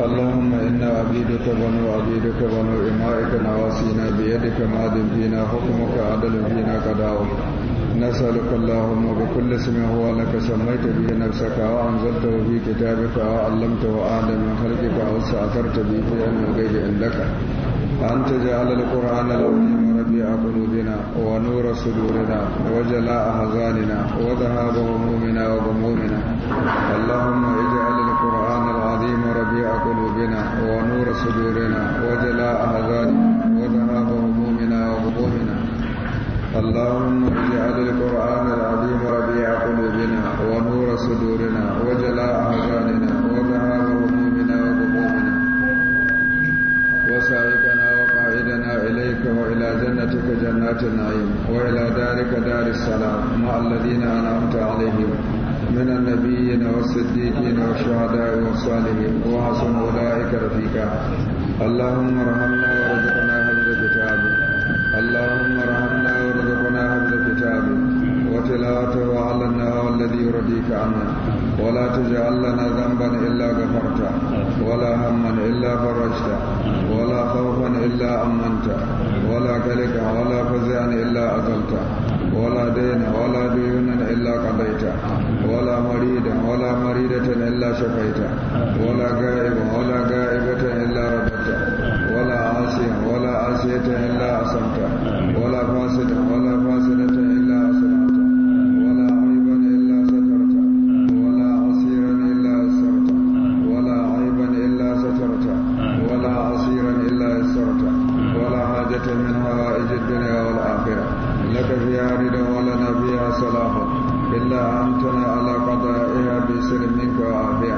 اللهم إنا عبيدك بنو عبيدك بنو إمائك نواسينا بيدك ماض فينا حكمك عدل فينا قضاؤك نسألك اللهم بكل اسم هو لك سميت به نفسك أو أنزلته في كتابك أو علمته آدم من خلقك أو استأثرت به في علم الغيب عندك أن تجعل القرآن العظيم ربيع قلوبنا ونور صدورنا وجلاء أحزاننا وذهاب همومنا وغمومنا اللهم اجعل صدورنا وجلاء أهزاننا وذهاب همومنا وغمومنا اللهم اجعل القرآن العظيم ربيع قلوبنا ونور صدورنا وجلاء أهزاننا وذهاب همومنا وغمومنا وسائقنا وقائدنا إليك وإلى جنتك جنات النعيم وإلى دارك دار السلام مع الذين أنعمت عليهم من النبيين والصديقين والشهداء والصالحين وحسن أولئك رفيقا اللهم ارحمنا وارزقنا حفظ كتابك اللهم ارحمنا وارزقنا حفظ كتابك وتلاوته علنا والذي يرضيك عنا ولا تجعل لنا ذنبا إلا غفرته ولا هما إلا فرجته ولا خوفا إلا أمنته ولا كلكا ولا فزعا إلا أزلته ولا دين ولا ديون إلا قضيته ولا مريدا ولا مريدة إلا شفيته ولا غائب ولا غائبة إلا رددته ولا عاصيا ولا عاصية إلا أصمت إلا أنتنا على قضائها بسر منك وعافية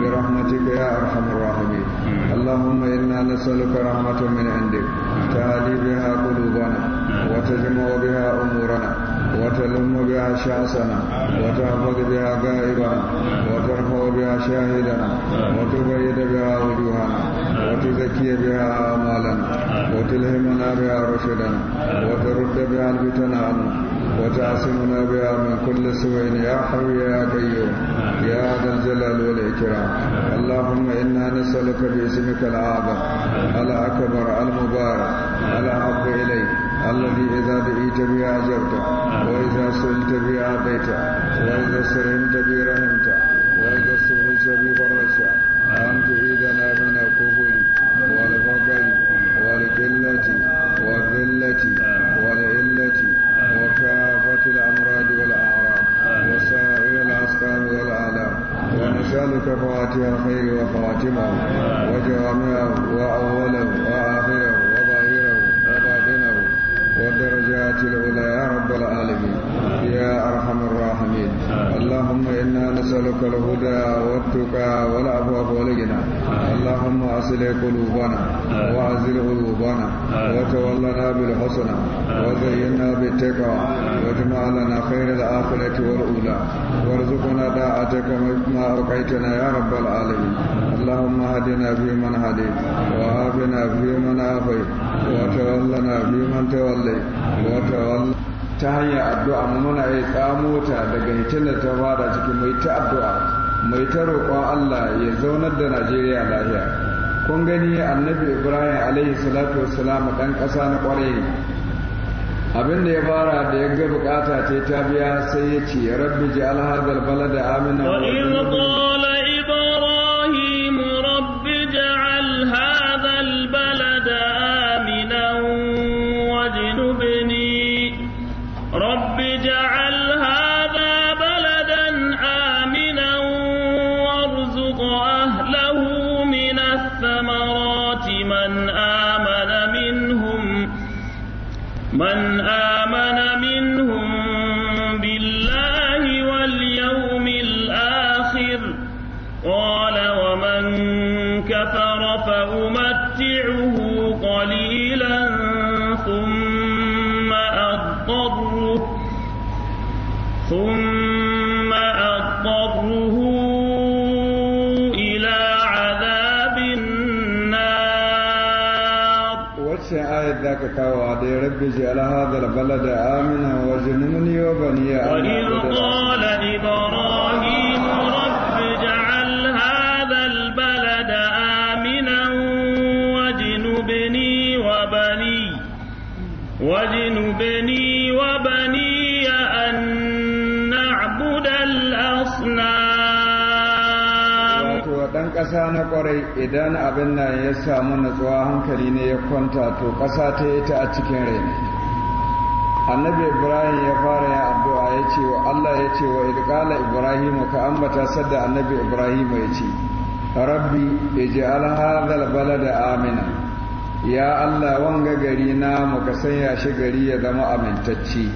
برحمتك يا أرحم الراحمين اللهم إنا نسألك رحمة من عندك تهدي بها قلوبنا وتجمع بها أمورنا وتلم بها شأسنا وتحفظ بها غائبنا وترفع بها شاهدنا وتبيد بها وجوهنا وتزكي بها أعمالنا وتلهمنا بها رشدنا وترد بها الفتن عنا وتعصمنا بها من كل سوء يا حي يا قيوم يا ذا الجلال والإكرام اللهم إنا نسألك باسمك الأعظم الأكبر المبارك الأحب إليك الذي إذا دعيت بها أجبت وإذا سئلت بها أعطيت وإذا سئمت بها رحمت وإذا سئلت بها فرجت انت فواتح الخير وخواتمه وجوامعه وأوله وآخره وظاهره وباطنه والدرجات العلى يا رب العالمين يا أرحم حميد اللهم إنا نسألك الهدى والتقى والعفو والغنى اللهم أصل قلوبنا وأزل قلوبنا وتولنا بالحسنى وزينا بالتقوى واجمع لنا خير الآخرة والأولى وارزقنا طاعتك ما أرقيتنا يا رب العالمين اللهم هدنا فيمن هديت وعافنا فيمن عافيت وتولنا فيمن توليت وتولنا ta hanyar addu'a mu muna yi tsamo ta daga hitin da ta fara cikin mai ta addu'a mai ta roƙon Allah ya zaunar da Najeriya lafiya kun gani annabi Ibrahim alaihi salatu wassalam dan ƙasa na ƙwarai abin da ya fara da ya ga bukata ta biya sai ya ce rabbi ji alhadar balada amina wa kawo da ya rabbi ji alhazar balada amina wa jinuni wa baniya a ƙasa na ƙwarai idan abin nan ya samu natsuwa hankali ne ya kwanta to ƙasa ta yi ta a cikin rai annabi ibrahim ya fara yin addu'a ya ce wa allah ya ce wa idkala ibrahim ka ambata sadda annabi ibrahim ya ce rabbi ij'al Bala da amina ya allah wanga gari na muka sanya shi gari ya zama amintacci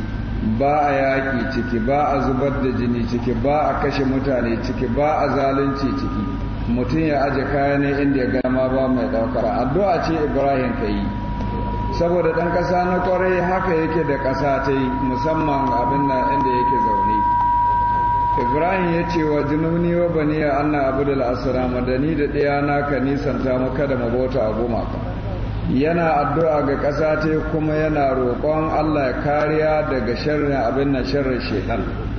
ba a yaƙi ciki ba a zubar da jini ciki ba a kashe mutane ciki ba a zalunci ciki mutum ya aje kaya ne inda ya gama ba mai ɗaukar addu'a ce ibrahim ka yi saboda ɗan ƙasa na ƙwarai haka yake da ƙasa ta yi musamman abin na inda yake zaune ibrahim ya ce wa jinuni wa bani ya anna abu da asirama da ni da ɗaya na ka nisanta maka da mabota a goma ka yana addu'a ga ƙasa ta kuma yana roƙon allah ya kariya daga sharrin abin na sharrin shekaru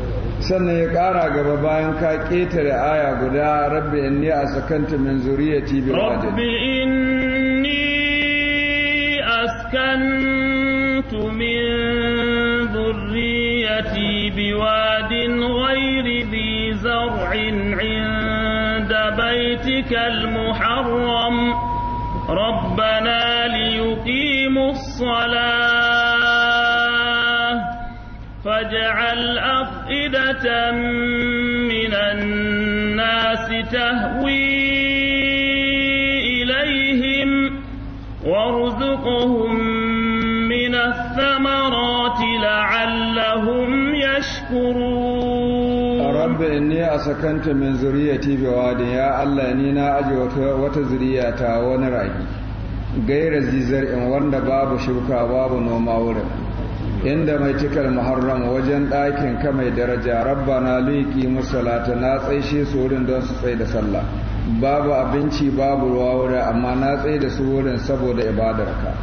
sannan ya ƙara gaba bayan ka ƙetare aya guda rabbi inni a sakanta min zuriyati bi wadin rabbi inni askantu min zuriyati bi wadin ghairi bi zar'in 'inda baytikal muharram ربنا ليقيموا الصلاه فاجعل أفئدة من الناس تهوي إليهم وارزقهم من الثمرات لعلهم يشكرون رب إني أسكنت من ذريتي بواد يا الله إني نا أجوك وتزريتا ونرعي غير ذي زرع وند باب شبكة باب نوما ورم inda mai cikar muharram wajen ɗakin ka mai daraja rabba na liƙi musalata na tsaishe su wurin don su tsaye da sallah babu abinci babu ruwa wurin amma na tsaye da su wurin saboda ibadarka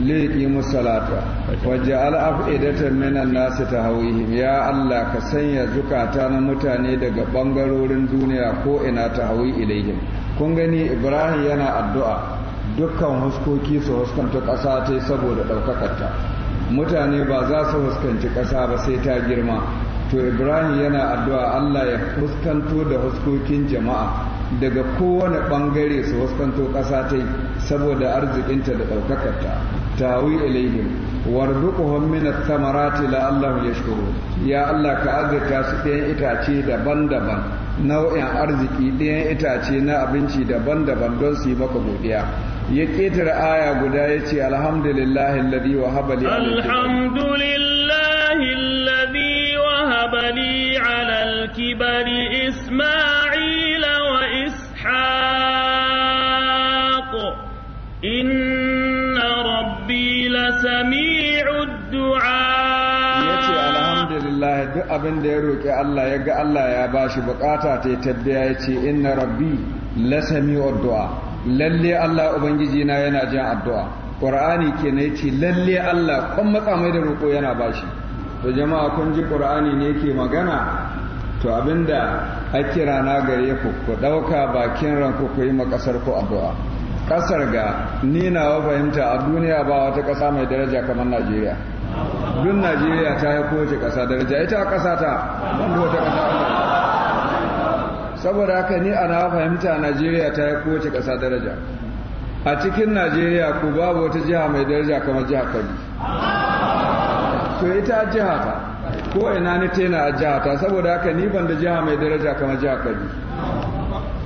liƙi musalata wajen idatar minan nasu ta yi ya Allah ka sanya zukata na mutane daga bangarorin duniya ko ina ta hauyi ilaihim kun gani ibrahim yana addu'a dukkan huskoki su huskanta ƙasa ta saboda ɗaukakarta mutane ba za su fuskanci ƙasa ba sai ta girma to ibrahim yana addu'a allah ya fuskanto da huskokin jama'a daga kowane ɓangare su fuskanto ƙasa ta saboda arzikinta da ɗaukakarta ta ilaihim warzuquhum min ath-thamarati la'allahum Allahu ya ya allah ka azurta su ɗayan itace daban-daban nau'in arziki ɗayan itace na abinci daban-daban don su yi maka godiya ya ƙetare aya guda ya ce alhamdulillahi alladhi wa habali alhamdulillahi alladhi wa habali ala alkibari isma'ila wa ishaq inna rabbi lasami'ud du'a yace alhamdulillah duk abin da ya roƙi Allah ya ga Allah ya bashi bukata ta tabbiya yace inna rabbi lasami'ud du'a lalle Allah ubangiji na yana jin addu'a qur'ani na yace lalle Allah kwan matsamai da roƙo yana bashi to jama'a kun ji ƙur'ani ne ke magana to abinda a kira na gare ku ku ɗauka bakin ran ku yi ma kasar ku addu'a Ƙasar ga ni nawa fahimta a duniya ba wata ƙasa mai daraja kamar Najeriya duk Najeriya ta yi kowace kasa daraja ita ƙasa ta wanda wata ƙasa Allah. saboda haka ni ana fahimta najeriya ta yi kowace ƙasa daraja a cikin najeriya ku babu wata jiha mai daraja kamar jiha kabi to ita jiha ta ko ina ni tena a jiha ta saboda haka ni ban da jiha mai daraja kamar jiha kabi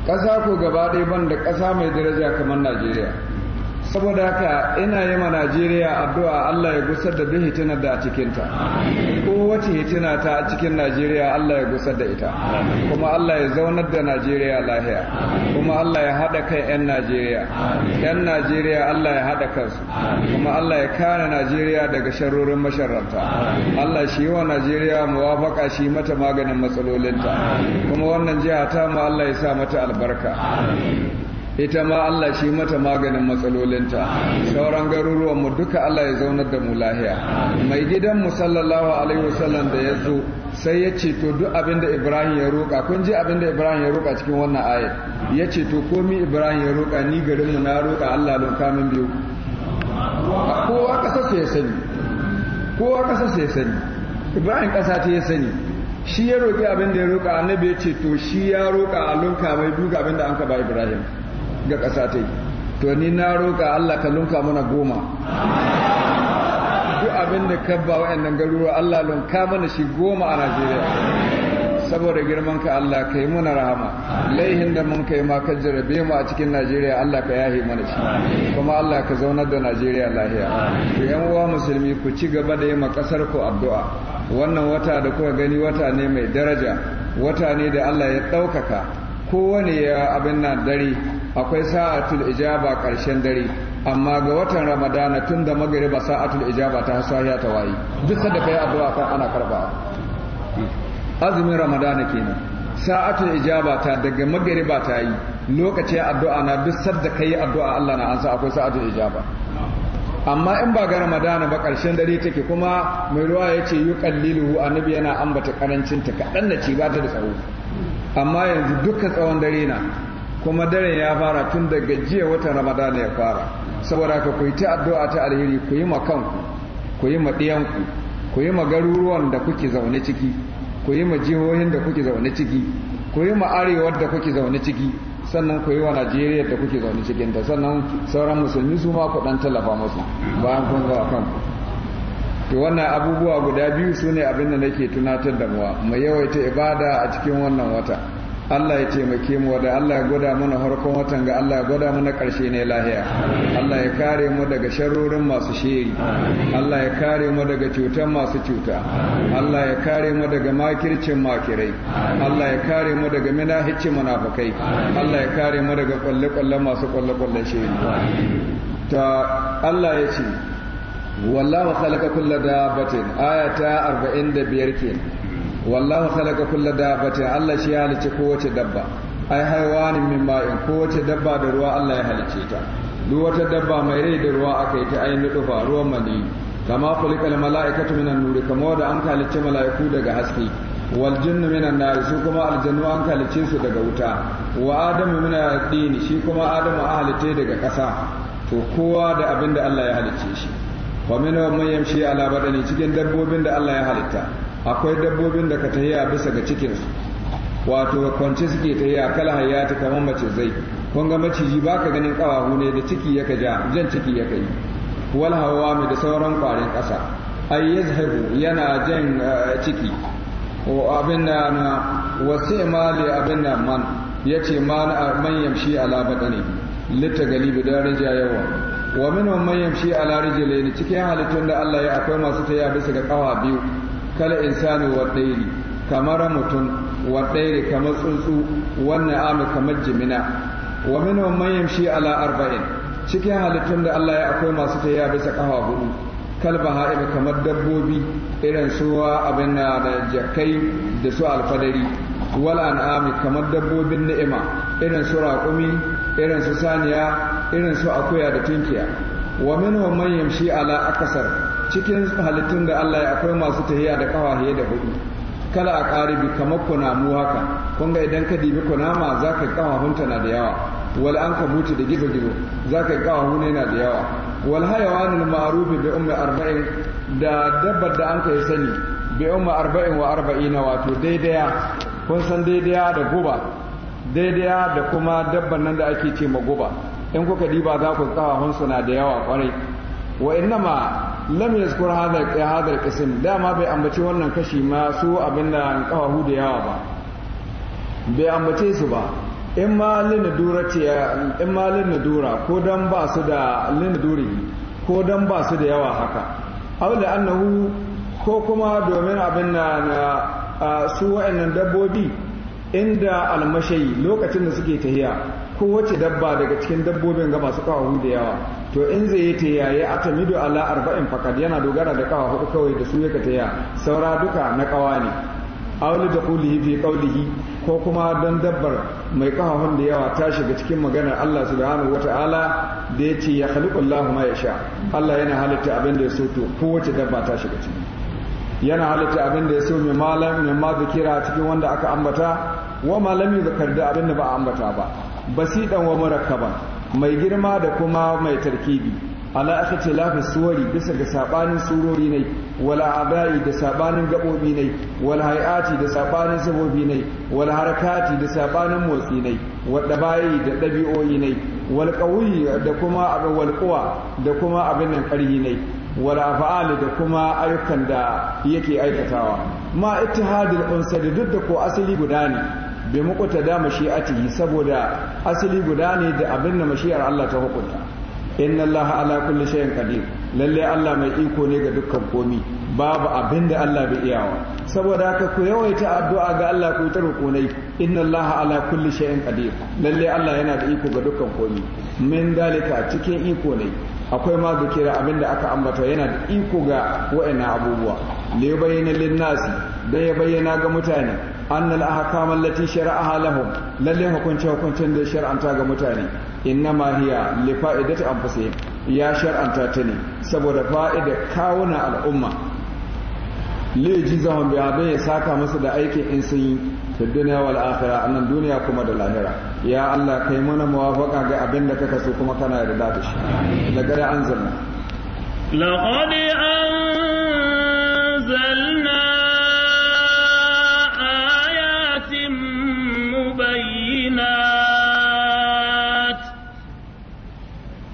ƙasa ko gaba ɗaya ban da ƙasa mai daraja kamar najeriya saboda haka ina yi ma najeriya addu'a allah ya gusar da duk hitina da a cikinta ko wace hitina ta a cikin najeriya allah ya gusar da ita kuma allah ya zaunar da najeriya lahiya kuma allah ya haɗa kan 'yan najeriya 'yan najeriya allah ya haɗa kansu kuma allah ya kare najeriya daga sharorin masharanta allah shi yi wa najeriya muwafaka shi mata maganin matsalolinta kuma wannan jiha ta mu allah ya sa mata albarka ita ma Allah shi mata maganin matsalolinta sauran garuruwan mu duka Allah ya zaunar da mu lahiya mai gidan mu sallallahu alaihi wasallam da ya zo sai ya ce to duk abin da Ibrahim ya roƙa kun ji abin da Ibrahim ya roƙa cikin wannan ayat ya ce to komi Ibrahim ya roƙa ni garin mu na roƙa Allah don kamun biyu kowa ƙasa sai ya sani kowa ƙasa sai ya sani Ibrahim ƙasa ta ya sani shi ya roƙi abin da ya roƙa annabi ya ce to shi ya roƙa a lunka mai duka abin da an ka ba Ibrahim ga ƙasa ta yi to ni na roƙa Allah ka lunka mana goma duk abin da ka ba wa'annan garuruwa Allah lunka mana shi goma a Najeriya saboda girman ka Allah ka yi muna rahama laihin da mun kai ma ka jarabe mu a cikin Najeriya Allah ka yahi mana shi kuma Allah ka zaunar da Najeriya lahiya to yan uwa musulmi ku ci gaba da yi ma kasar ku addu'a wannan wata da kuka gani wata ne mai daraja wata ne da Allah ya ɗaukaka kowane ya abin nan dare akwai sa'atul ijaba ƙarshen dare amma ga watan ramadana tun da ba sa'atul ijaba ta sahiya ta wayi duk sanda kai addu'a kan ana karba azumin ramadana kenan sa'atul ijaba ta daga ba ta yi lokacin addu'a na duk sadda kai addu'a Allah na ansa akwai sa'atul ijaba amma in ba ga ramadana ba ƙarshen dare take kuma mai ruwa ya ce yi kallilu annabi yana ambata karancin ta kaɗan da ci ba ta da tsaro amma yanzu duka tsawon dare na kuma daren ya fara tun daga jiya watan ramadan ya fara saboda ka ku ta addu'a ta alheri ku yi ma kanku ku yi ma ɗiyanku ku yi ma garuruwan da kuke zaune ciki ku yi ma jihohin da kuke zaune ciki ku yi ma arewar da kuke zaune ciki sannan ku yi wa najeriya da kuke zaune cikin ta sannan sauran musulmi su ma ku ɗan tallafa musu bayan kun kanku to wannan abubuwa guda biyu su ne abin da nake tunatar da muwa mai yawaita ibada a cikin wannan wata Allah ya taimake mu da Allah ya gwada mana harkon watan ga Allah ya gwada mana ƙarshe ne lahiya Allah ya kare mu daga sharrorin masu shiri Allah ya kare mu daga cutan masu cuta Allah ya kare mu daga makircin makirai Allah ya kare mu daga minahicin munafukai Allah ya kare mu daga kwalle kwallen masu kwalle kwallen shiri ta Allah ya ce wallahu khalaqa kulla dabbatin ayata 45 ke wallahu khalaqa kulla dabbatin Allah shi ya halice kowace dabba ai haiwanin min ma'in kowace dabba da ruwa Allah ya halice ta duk wata dabba mai rai da ruwa aka yi ta ayin nufa ruwan mali kama kulikal mala'ikatu minan nuri kama da an kalice mala'iku daga haske wal jinnu minan nar su kuma aljannu an kalice su daga wuta wa adamu minan dini shi kuma adamu a halice daga ƙasa to kowa da abin da Allah ya halice shi wa minhum man yamshi ala cikin dabbobin da Allah ya halitta akwai dabbobin da ka tahiya bisa ga cikin su wato kwance suke tahiya kala hayati kamar mace zai kun ga maciji baka ganin kawahu ne da ciki yaka ja jan ciki yaka yi wal hawami da sauran kwarin kasa ay yazhabu yana jan eh, ciki abin da na ma imali abin da man yace man man yamshi ala badani litagali galibi daraja yawa wa minhum man yamshi ala rijlayn cikin halittun da Allah ya akwai masu taya bisa ga kawa biyu kala insani wa dairi kamar mutum wa dairi kamar tsuntsu wannan amu kamar jimina wa minhum man yamshi ala arba'in cikin halittun da Allah ya akwai masu taya bisa kawa hudu kalba ha'ib kamar dabbobi irin su abin da jakai da su alfadari wal an'ami kamar dabbobin ni'ima irin su raƙumi irin su saniya irin su akuya da tunkiya wa minhum man yamshi ala akasar cikin halittun da Allah ya akwai masu tahiya da kawahiye da hudu kala a ku kamar kunamu haka kun ga idan ka dibi kunama za ka kawahunta na da yawa wal an ka kabuci da gizo gizo za ka kawahu ne na da yawa wal hayawanin ma'arufi bi ummi arba'in da dabbar da an yi sani bi ummi arba'in wa arba'ina wato daidaya kun san daidaya da guba daidaya da kuma dabban nan da ake ce ma guba in kuka diba za ku tsawahun suna da yawa kwarai wa innama lam yazkur hadha hadha alqism dama bai ambaci wannan kashi ma su abinda kawahu da yawa ba bai ambace su ba in ma linadura ko dan ba su da linaduri ko dan ba su da yawa haka aula annahu ko kuma domin abin na su wa'annan dabbobi inda almashai lokacin da suke tahiya kowace dabba daga cikin dabbobin ga masu kawahu da yawa to in zai yi ta yaye atamidu ala arba'in fakad yana dogara da kawahu kawai da su ya ka taya saura duka na kawa ne auli da kulihi fi kaulihi ko kuma don dabbar mai kawahun da yawa ta shiga cikin maganar Allah subhanahu wataala da ya ce ya halittu allah ma sha. Allah yana halitta abin da ya so to kowace dabba ta shiga ciki yana halitta abin da ya so mai malam mai ma zikira cikin wanda aka ambata wa malami zakar da abin da ba a ambata ba basidan wa murakkaban mai girma da kuma mai tarkibi ala aka ce lafi suwari bisa ga sabanin surori ne wala abai da sabanin gabobi ne wala hayati da sabanin sabobi ne wala harakati da sabanin motsi ne wadda bayi da dabi'o'i ne wal qawi da kuma abin wal quwa da kuma abin nan karhi ne wala afa'al da kuma ayyukan da yake aikatawa ma ittihadul unsa da duk da ko asali guda ne bai mukuta da mashi'atihi saboda asali guda ne da abin da mashi'ar Allah ta hukunta inna Allah ala kulli shay'in qadir lalle Allah mai iko ne ga dukkan komi babu abin da Allah bai iyawa saboda haka ku yawaita addu'a ga Allah ku ta roƙonai inna Allah ala kulli shay'in qadir lalle Allah yana da iko ga dukkan komi min dalika cikin iko ne akwai ma zikira da aka ambata yana da iko ga wa'ina abubuwa le bayyana linnasi da ya bayyana ga mutane أن الأحكام التي شرعها لهم للي هكون شوكون تند شرعا تاغ متاني إنما هي لفائدة أنفسهم يا شرع شرعا تاتني سبب فائدة كاونا الأمة ليجزهم بأبي ساكا مسد أيك إنسي في الدنيا والآخرة أن الدنيا كما الآخرة يا الله كيمنا موافقا أبن لك كسوكما كان يرداتش لقد أنزلنا لقد أنزلنا الجنات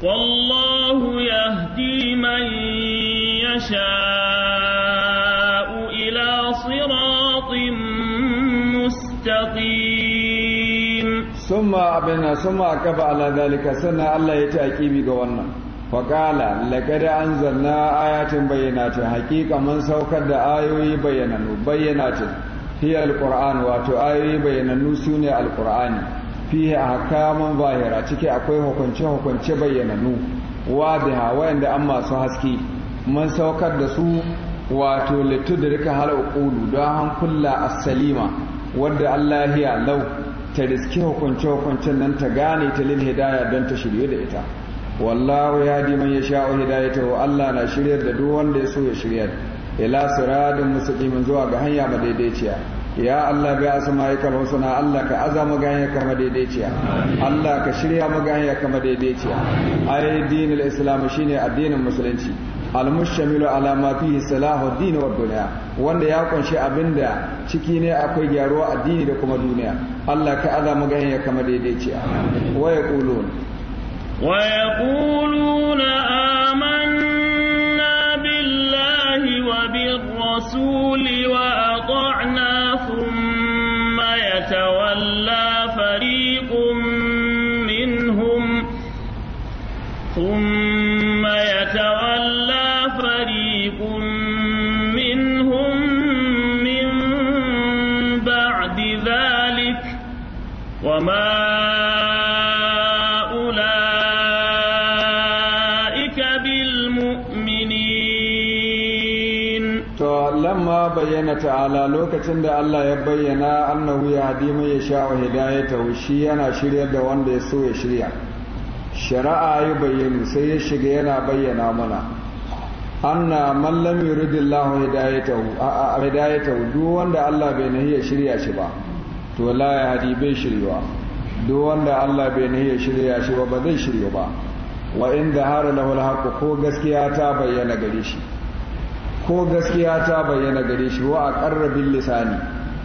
والله يهدي من يشاء إلى صراط مستقيم ثم أبنا ثم أكف على ذلك سنة الله يتأكيبي قوانا فقال لقد أنزلنا آيات بينات حقيقة من سوكد آيوي بينات بينات hiya alqur'an wato ayoyi bayyanannu sune alqur'ani a ahkamun bahira ciki akwai hukunce hukunce bayyanannu wadiha wayanda an masu haske mun saukar da su wato litudrika hal uqulu don hankula asalima wadda Allah ya lau ta riske hukunce hukuncen nan ta gane ta lil hidaya don ta shirye da ita wallahu ya di man yasha'u hidayatahu Allah na shiryar da duk wanda ya so ya shiryar ila siradin mustaqim zuwa ga hanya ma madaidaiciya ya Allah bai asma'i ya suna Allah ka aza mu ya kama daidaiciya Allah ka shirya magana ya kama daidaiciya ai dinul islam shine addinin musulunci mushamilu ala ma fihi salahu din wa dunya wanda ya kunshi abinda ciki ne akwai gyaruwa addini da kuma duniya Allah ka aza magana ya kama daidaiciya wa yaqulun wa yaquluna amanna billahi wa bir rasuli wa ata'na يتولى فريق منهم ثم يتولى فريق منهم من بعد ذلك وما bayyana ta'ala lokacin da Allah ya bayyana annahu ya hadi mai ya sha wa hidayata shi yana shiryar da wanda ya so ya shirya shari'a ya bayyana sai ya shiga yana bayyana mana anna man lam yuridillahu hidayatahu a hidayatahu duk wanda Allah bai nahi ya shirya shi ba to la ya hadi bai shiryawa duk wanda Allah bai nahi ya shirya shi ba ba zai shirya ba wa inda har lahul ko gaskiya ta bayyana gare shi ko gaskiya ta bayyana gare shi wa aqarra bil lisani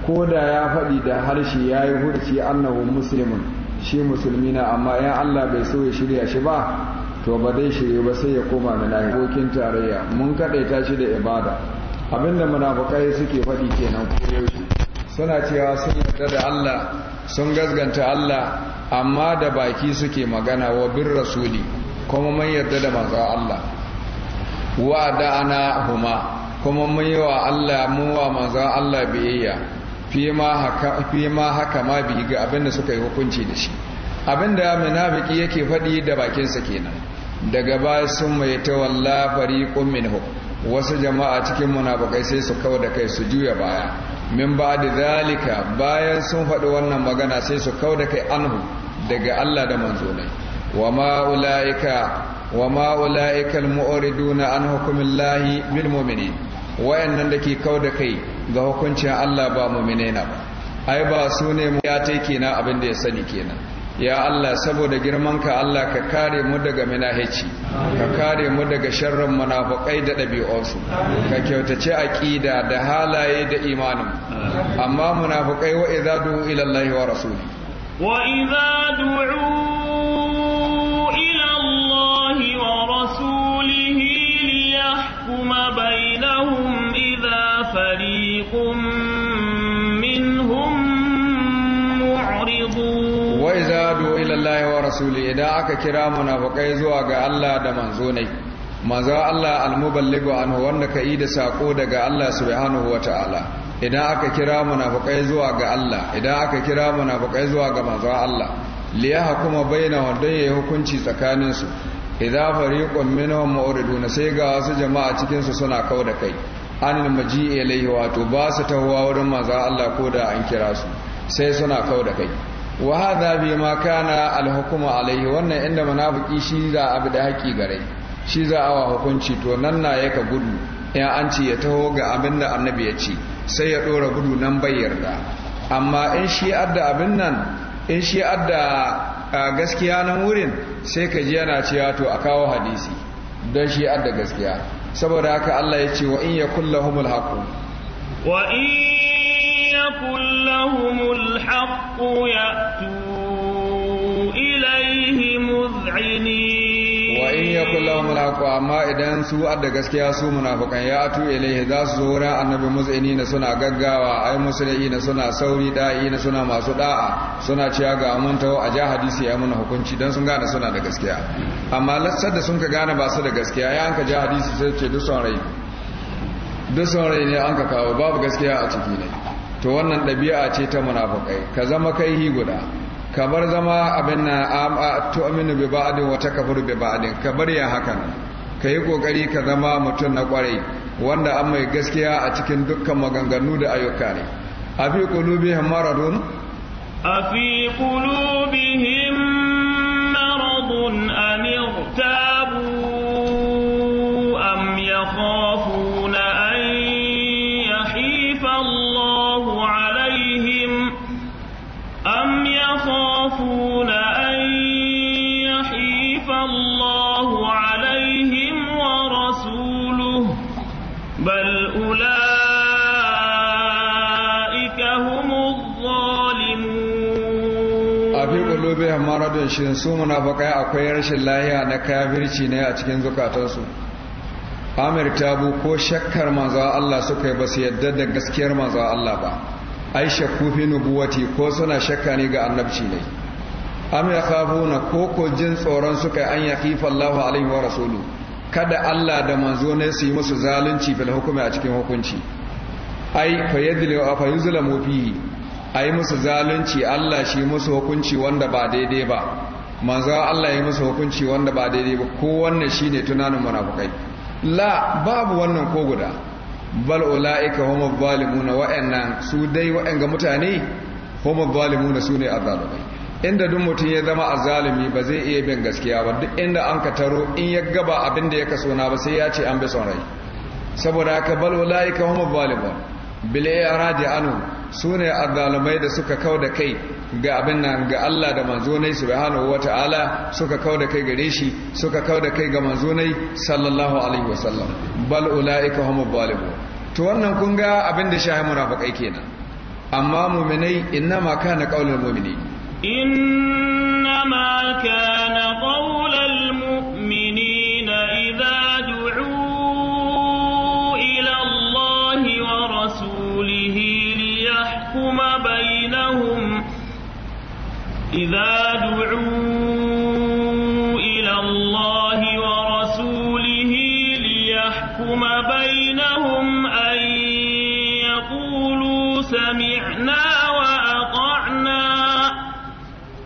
ko da ya faɗi da harshe yayi hurci annahu muslimun shi musulmi na amma in Allah bai so ya shirya shi ba to ba zai shirye ba sai ya koma da abokin tarayya mun ta shi da ibada abinda munafukai suke faɗi kenan koyaushe suna cewa sun yarda da Allah sun gasganta Allah amma da baki suke magana wa bin rasuli kuma mun yarda da manzo Allah wa ana huma kuma mun yi wa Allah mu wa manzon Allah biyayya fi ma haka ma haka ma ga abin suka yi hukunci da shi abinda da munafiki yake faɗi da bakinsa kenan daga baya sun mai ta walla fariqun minhu wasu jama'a cikin munafikai sai su kawo da kai su juya baya min ba da zalika bayan sun faɗi wannan magana sai su kawo da kai anhu daga Allah da manzo ne wa ma ulaika wa ma ula'ikal mu'riduna an hukumillahi bil mu'minin wayannan da ke kau da kai ga hukuncin Allah ba mu'mine na ai ba su ne mu ya tai kenan abin da ya sani kenan ya Allah saboda girman ka Allah ka kare mu daga minahici ka kare mu daga sharrin munafukai da ɗabi'unsu ka kyautace aqida da halaye da imanin amma munafukai wa idza du'u ila Allah wa rasuli wa idza du'u بينهم إذا فريق منهم معرضون وإذا دعوا إلى الله ورسوله إذا أكا كرامنا فقيزوا أغا الله دمانزوني manzo wanda ka yi da sako daga Allah subhanahu wataala idan aka kira munafiqai zuwa ga Allah idan aka kira munafiqai zuwa ga manzo Allah liya kuma bainahum dan yayi hukunci tsakaninsu idza fariqun minhum mu'ridun sai ga wasu jama'a cikinsu suna kau da kai anil maji'i ilayhi wato ba su tahowa wurin manzo Allah ko da an kira su sai suna kau da kai wa hadha bima kana alhukuma a alayhi wannan inda munafiki shi za a bi da haƙi gare shi za a wa hukunci to nan na yaka gudu in an ce ya taho ga abin da annabi ya ce sai ya dora gudu nan bai yarda amma in shi adda abin nan in shi adda a gaskiya nan wurin sai ka ji yana cewa to a kawo hadisi don shi da gaskiya saboda haka Allah ya ce wa in yakul lahumul haqq wa in yakul lahumul ya ya'tu ilayhi muz'inin wa in yakul lahum alhaqu amma idan su adda gaskiya su munafikan ya atu ilaihi za su zo wurin annabi muzini na suna gaggawa ai musulmi na suna sauri da'i na suna masu da'a suna ciya ga amuntawo a ja hadisi ya muna hukunci dan sun gane suna da gaskiya amma lassar da sun ka gane ba su da gaskiya ya an ka ja hadisi sai ce duk son rai duk son rai ne an ka kawo babu gaskiya a ciki ne to wannan ɗabi'a ce ta munafikai ka zama kai hi guda kamar zama abin na tu'minu bi ba'din wa takfuru bi ba'din kamar ya hakan ka yi kokari ka zama mutum na kwarai wanda an mai gaskiya a cikin dukkan maganganu da ayyuka ne afi qulubihim maradun afi qulubihim maradun amirta lahun maradun shi su munafakai akwai rashin lahiya na kafirci ne a cikin zukatansu amir tabu ko shakkar manzo Allah suka yi ba su yadda da gaskiyar manzo Allah ba ai shakku fi nubuwati ko suna shakka ne ga annabci ne am yakhafuna ko ko jin tsoron suka an yakifa Allah alaihi wa rasulu kada Allah da manzo ne su yi musu zalunci fil hukumi a cikin hukunci ai wa fa yuzlamu fihi a yi musu zalunci Allah shi musu hukunci wanda ba daidai ba manzo Allah ya musu hukunci wanda ba daidai ba ko wannan shine tunanin munafukai la babu wannan ko guda bal ulaika hum zalimuna wa'annan su dai wa'anga mutane hum zalimuna sune azalimai inda duk mutum ya zama azalimi ba zai iya bin gaskiya ba duk inda an ka taro in ya gaba abin da ya kaso na ba sai ya ce an bi son rai saboda haka bal ulaika hum zalimun bil iradi anu su ne azzalumai da suka kau da kai ga abin nan ga Allah da manzonai subhanahu wata'ala suka kau da kai gare shi suka kau da kai ga manzonai sallallahu alaihi wasallam bal ulaika humul balibu to wannan kun ga abin da shahi munafikai kenan amma mu'minai innama kana qaulul mumini innama kana qaulul إذا دعوا إلى الله ورسوله ليحكم بينهم أن يقولوا سمعنا وأطعنا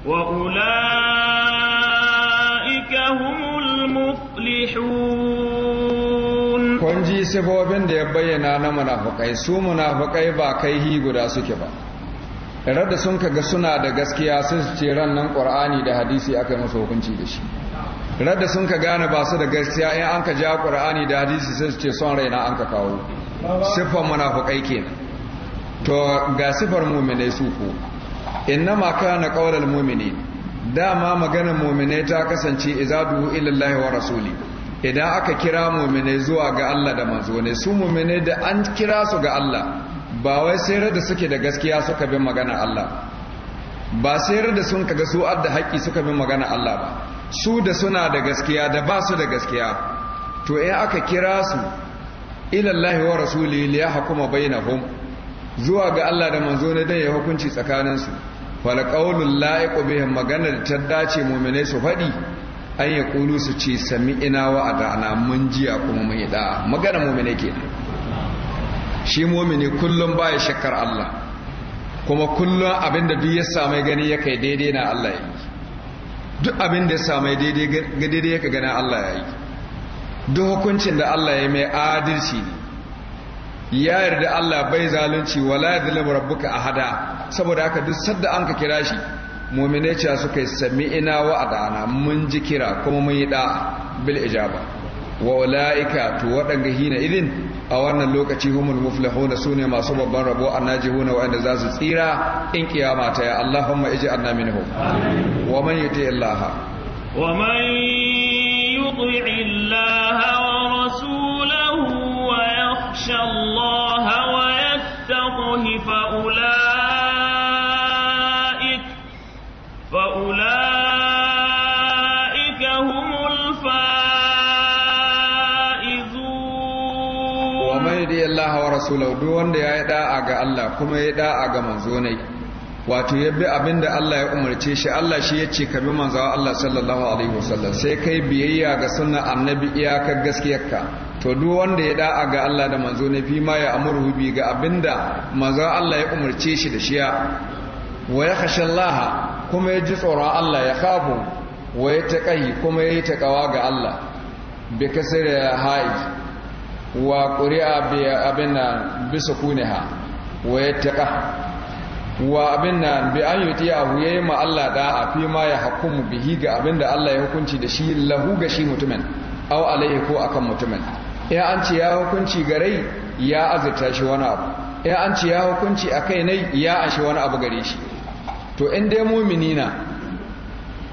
وأولئك هم المفلحون kun ji sifofin da ya bayyana na munafukai su munafukai ba kai hi guda suke ba rada sun kaga suna da gaskiya sun su ce ran nan qur'ani da hadisi aka yi musu hukunci da shi rada sun ka gane ba su da gaskiya in an ka ja qur'ani da hadisi sun su ce son raina an ka kawo siffar munafiqai kenan to ga siffar mu'minai su ko innama kana qaulal mu'minin dama maganar mu'minai ta kasance izadu ilallahi wa rasuli idan aka kira mu'minai zuwa ga Allah da manzo ne su mu'minai da an kira su ga Allah ba wai sayar da suke da gaskiya suka bin magana Allah ba sai da sun kaga su adda haƙƙi suka bin magana Allah ba su da suna da gaskiya da ba su da gaskiya to in eh, aka kira su ilallahi wa rasuli li yahkuma bainahum zuwa ga Allah da manzo ne dan ya hukunci tsakaninsu wal qawlul la'iqu bihim magana da ta dace mu'mine su faɗi an ya su ce sami wa adana mun jiya kuma mun da magana mu'mine kenan shi mumini kullum baya shakkar Allah kuma kullum abin da duk ya sami gani ya kai daidai na Allah ya yi duk abin ya sami daidai ya ya gana Allah ya yi duk hukuncin da Allah ya mai adalci ne ya yarda Allah bai zalunci wala yadhlimu rabbuka ahada saboda haka duk sadda an ka kira shi mu'mine ce suka yi ina wa adana mun ji kira kuma mun yi da'a bil ijaba wa ulaika to waɗanga hina idin a wannan lokaci humul muflihuna sune masu babban rabo annajihuna wa'anda za su tsira in kiyama ta ya Allahumma ij'alna minhum wa man yuti Allah wa man yuti wa rasulahu wa yakhsha Allah rasulahu duk wanda ya yi da'a ga Allah kuma ya yi da'a ga manzonai wato ya bi abin Allah ya umarce shi Allah shi ya ce ka bi manzawa Allah sallallahu alaihi wasallam sai kai biyayya ga sunna annabi iyakar gaskiyarka to duk wanda ya da'a ga Allah da manzonai fi ma ya amuru bi ga abinda da Allah ya umarce shi da shiya wa ya khasha Allah kuma ya ji tsoron Allah ya kafu wa ya kai kuma ya yi kawa ga Allah bi kasar ha'i wa ƙuri'a abin nan bisa ha wa ya taƙa wa abin nan bi an abu ya huye ma Allah a fi ma ya hakumu bihi ga abin da Allah ya hukunci da shi lahu ga shi mutumin au alaihi ko akan mutumin ya an ce ya hukunci ga rai ya azurta shi wani abu ya an ce ya hukunci a kai nai ya ashe wani abu gare shi to in dai mumini na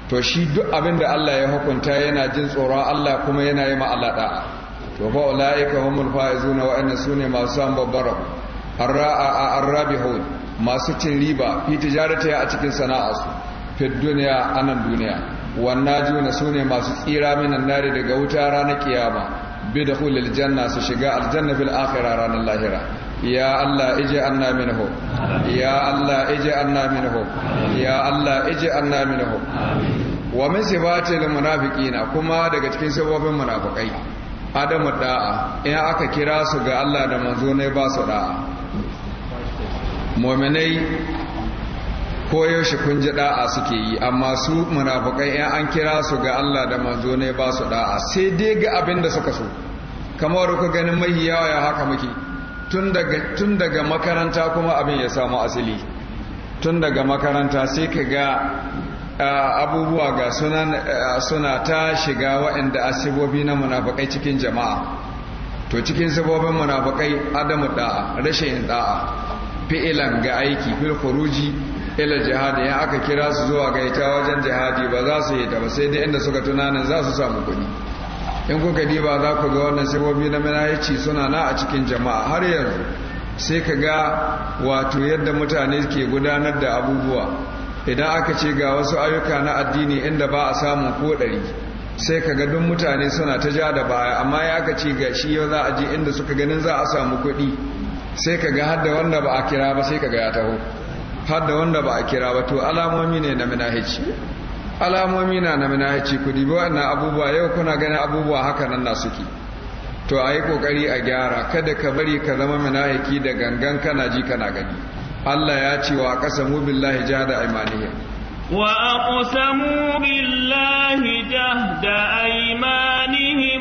to shi duk abin da Allah ya hukunta yana jin tsoron Allah kuma yana yi ma Allah ɗa'a. to fa ulaika humul faizuna wa anna sunne masu san babbar arra'a arra'a arrabihun masu cin riba fi tijarata a cikin sana'a su fi duniya anan duniya wannan juna sune masu tsira minan nari daga wuta ranar kiyama bi da hulil janna su shiga aljanna bil akhirah ranar lahira Ya Allah يا الله اجعلنا منهم يا الله اجعلنا منهم يا الله اجعلنا منهم ومن صفات munafiqina kuma daga cikin sababbin munafikai adamu da'a in aka kira su ga Allah da manzo ne ba su da'a mu'minai koyaushe kun ji da'a suke yi amma su munafukai in an kira su ga Allah da manzo ne ba su da'a sai dai ga abin da suka so kamar ku ganin mai yawa ya haka muke tun daga makaranta kuma abin ya samu asali tun daga makaranta sai ka ga abubuwa ga suna ta shiga waɗanda asibobi na munafakai cikin jama'a to cikin sabobin munafakai adamu da'a rashin da'a fi'ilan ga aiki fil kuruji ila jihadi ya aka kira su zuwa ga ita wajen jihadi ba za su yi ta ba sai dai inda suka tunanin za su samu kuɗi in kuka diba za ku ga wannan sabobi na munafakai suna na a cikin jama'a har yanzu sai ka ga wato yadda mutane ke gudanar da abubuwa idan aka ce ga wasu ayyuka na addini inda ba a samu ko ɗari sai ka ga duk mutane suna ta ja da baya amma ya aka ce ga shi yau za a je inda suka ganin za a samu kuɗi sai ka ga hadda wanda ba a kira ba sai ka ga ya taho hadda wanda ba a kira ba to alamomi ne na minahici alamomi na na minahici ku dibi wannan abubuwa yau kuna ganin abubuwa haka nan na suke to a yi kokari a gyara kada ka bari ka zama minahiki da gangan kana ji kana gani Allah ya ce wa qasamu billahi jahda aymanihim wa aqsamu billahi jahda aymanihim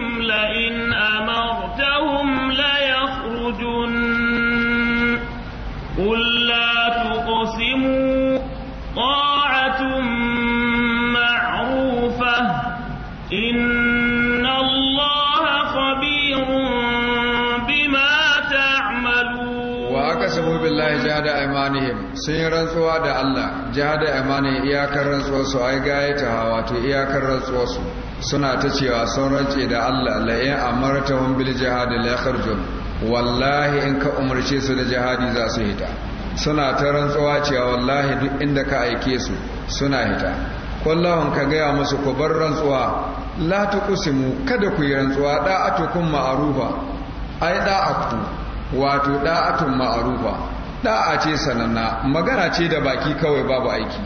billahi da imanihim sun yi rantsuwa da Allah jihada imani iyakar rantsuwarsu ai ta hawa to iyakar rantsuwarsu suna ta cewa sun rance da Allah la in hum bil jihad la yakhrujun wallahi in ka umarce su da jihadi za su hita suna ta rantsuwa cewa wallahi duk inda ka aike su suna hita kullahun ka gaya musu ku bar rantsuwa la tuqsimu kada ku yi rantsuwa atukum ma'rufa ai da'atu wato da'atun ma'rufa da'a ce sananna magana ce da baki kawai babu aiki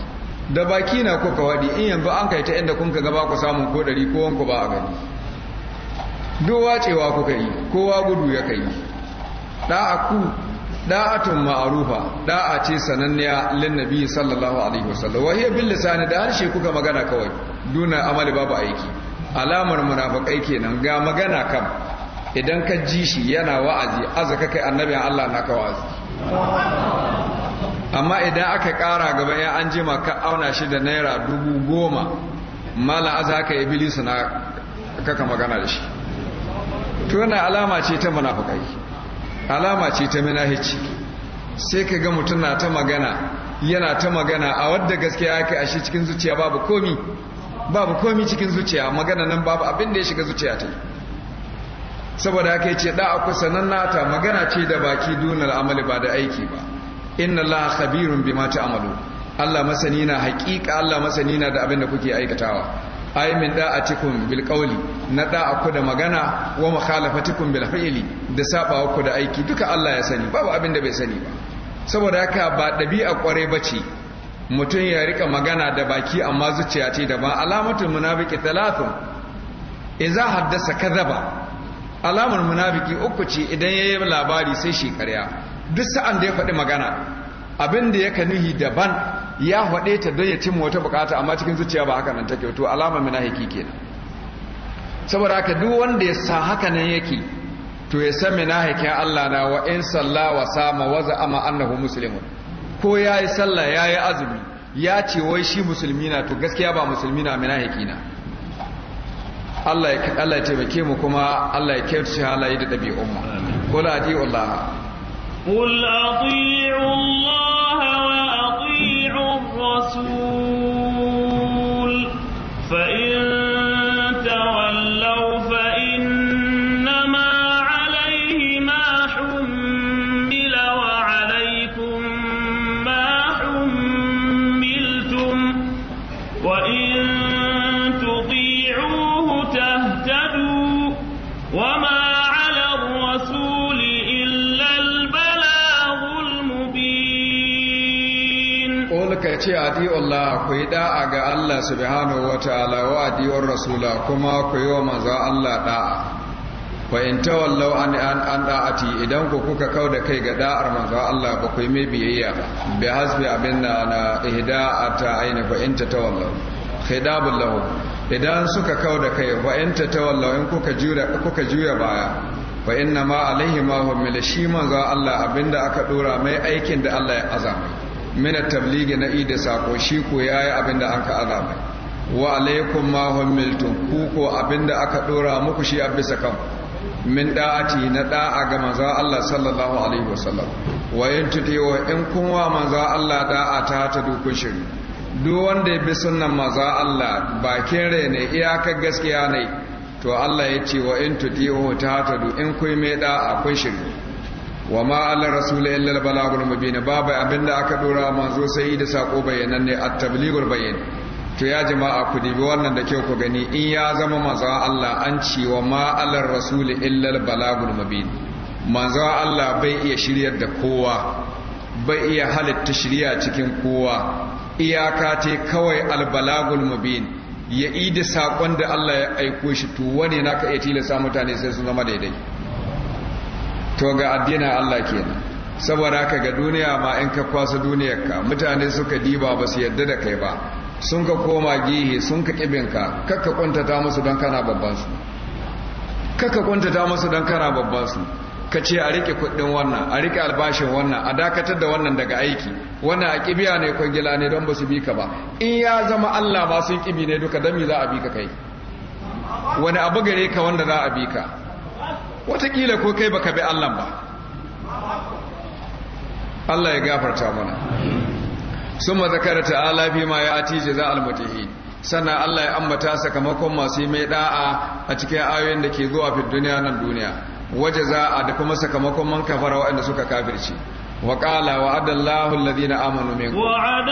da baki na kuka waɗi in yanzu an kai ta inda kun ka gaba ku samun ko ɗari ko wanku ba a gani duk wacewa kuka yi kowa gudu ya kai da'a ku tun ma'arufa da'a ce sananniya lin nabi sallallahu alaihi wasallam wa hiya bil lisani da harshe kuka magana kawai duna amali babu aiki alamar munafakai kenan ga magana kam idan ka ji shi yana wa'azi azaka kai annabi Allah na ka wa'azi amma idan aka kara gaba ya an jima ka auna shi da naira dubu goma mala aza haka ibilisu na kaka magana da shi to alama ce ta munafukai alama ce ta minahici sai ka ga mutum na ta magana yana ta magana a wadda gaskiya yake ashe cikin zuciya babu komi babu komi cikin zuciya magana nan babu abin da ya shiga zuciya ta yi saboda haka yace da aku sanannata magana ce da baki dunal amali ba da aiki ba inna allaha khabirun bima ta'malu Allah masani na haqiqa Allah masani na da abin da kuke aikatawa ay min da'atikum bil qawli na ku da magana wa mukhalafatikum bil fi'li da sabawa ku da aiki duka Allah ya sani babu abin da bai sani ba saboda haka ba dabi'a kware ce mutum ya rika magana da baki amma zuciya ce da ba alamatul munafiqi thalathun idza haddasa kadhaba alamar munafiki uku ce idan ya yi labari sai shi karya duk sa'an da ya faɗi magana abin da ka nuhi daban ya faɗe ta don ya cimma wata bukata amma cikin zuciya ba haka nan take to alamar munafiki kenan saboda haka duk wanda ya sa haka nan yake to ya san munafikin Allah na wa in salla wa sama wa za'ama annahu muslimun ko yayi sallah yayi azumi ya ce wai shi musulmi na to gaskiya ba musulmi na munafiki na Allah ya taimake mu kuma Allah ya kyautace halaye da ɗabi'un mu qul ati'u Allah qul ati'u Allah wa rasul ce Allah ku yi da'a ga Allah subhanahu wa ta'ala wa adiyar rasula kuma ku yi wa manzan Allah da'a fa in tawallau an an da'ati idan ku kuka kau da kai ga da'ar manzan Allah ba ku yi mai biyayya bai hasbi abin da na ihda'ata aini fa ta tawallau khidabul lahu idan suka kau da kai fa ta tawallau in kuka juya kuka juya baya fa inna ma alaihi ma hum shi manzan Allah abinda aka ɗora mai aikin da Allah ya azama mina tabligi na ida sako shi ko yayi abinda an ka azaba wa alaikum ma humiltum ku ko abinda aka dora muku shi a bisa kan min da'ati na da'a ga manzo Allah sallallahu alaihi wasallam wa yantuti wa in kun wa manzo Allah da'a ta ta dukun shiri duk wanda ya bi sunnan manzo Allah bakin rai ne iyaka gaskiya ne to Allah ya ce wa in tuti'u ta ta du in kun mai da'a kun shiri wa ma ala rasul illa al balagul mubin babu abinda aka dora manzo sai da sako bayanan ne at tablighul bayin to ya jama'a ku dibi wannan da kyau ku gani in ya zama manzo Allah an ci wa ma ala rasul illa al balagul mubin manzo Allah bai iya shiryar da kowa bai iya halitta shirya cikin kowa iyaka ce kawai balagul mubin ya idi sakon da Allah ya aiko shi to wane naka iya tilasa mutane sai su zama daidai to ga addinin Allah kenan saboda ka ga duniya ma in ka kwasa duniyarka mutane suka diba ba su yadda da kai ba sun ka koma gihi sun ka kibinka kakka kwantata musu don kana babban su kakka kwantata musu don kana babban su ka ce a rike kuɗin wannan a rike albashin wannan a dakatar da wannan daga aiki wannan a kibiya ne kwangila ne don ba su bi ka ba in ya zama Allah ma sun kibi ne duka don za a bi ka kai wani abu gare ka wanda za a bi ka watakila ko kai baka bi Allah ba Allah ya gafarta mana summa zakara ta'ala fi ma ya jaza sannan Allah ya ambata sakamakon masu mai da'a a cikin ayoyin da ke zuwa fi duniya nan duniya waje a da kuma sakamakon man kafara waɗanda suka kafirci wa qala الله الذين آمنوا منكم وعد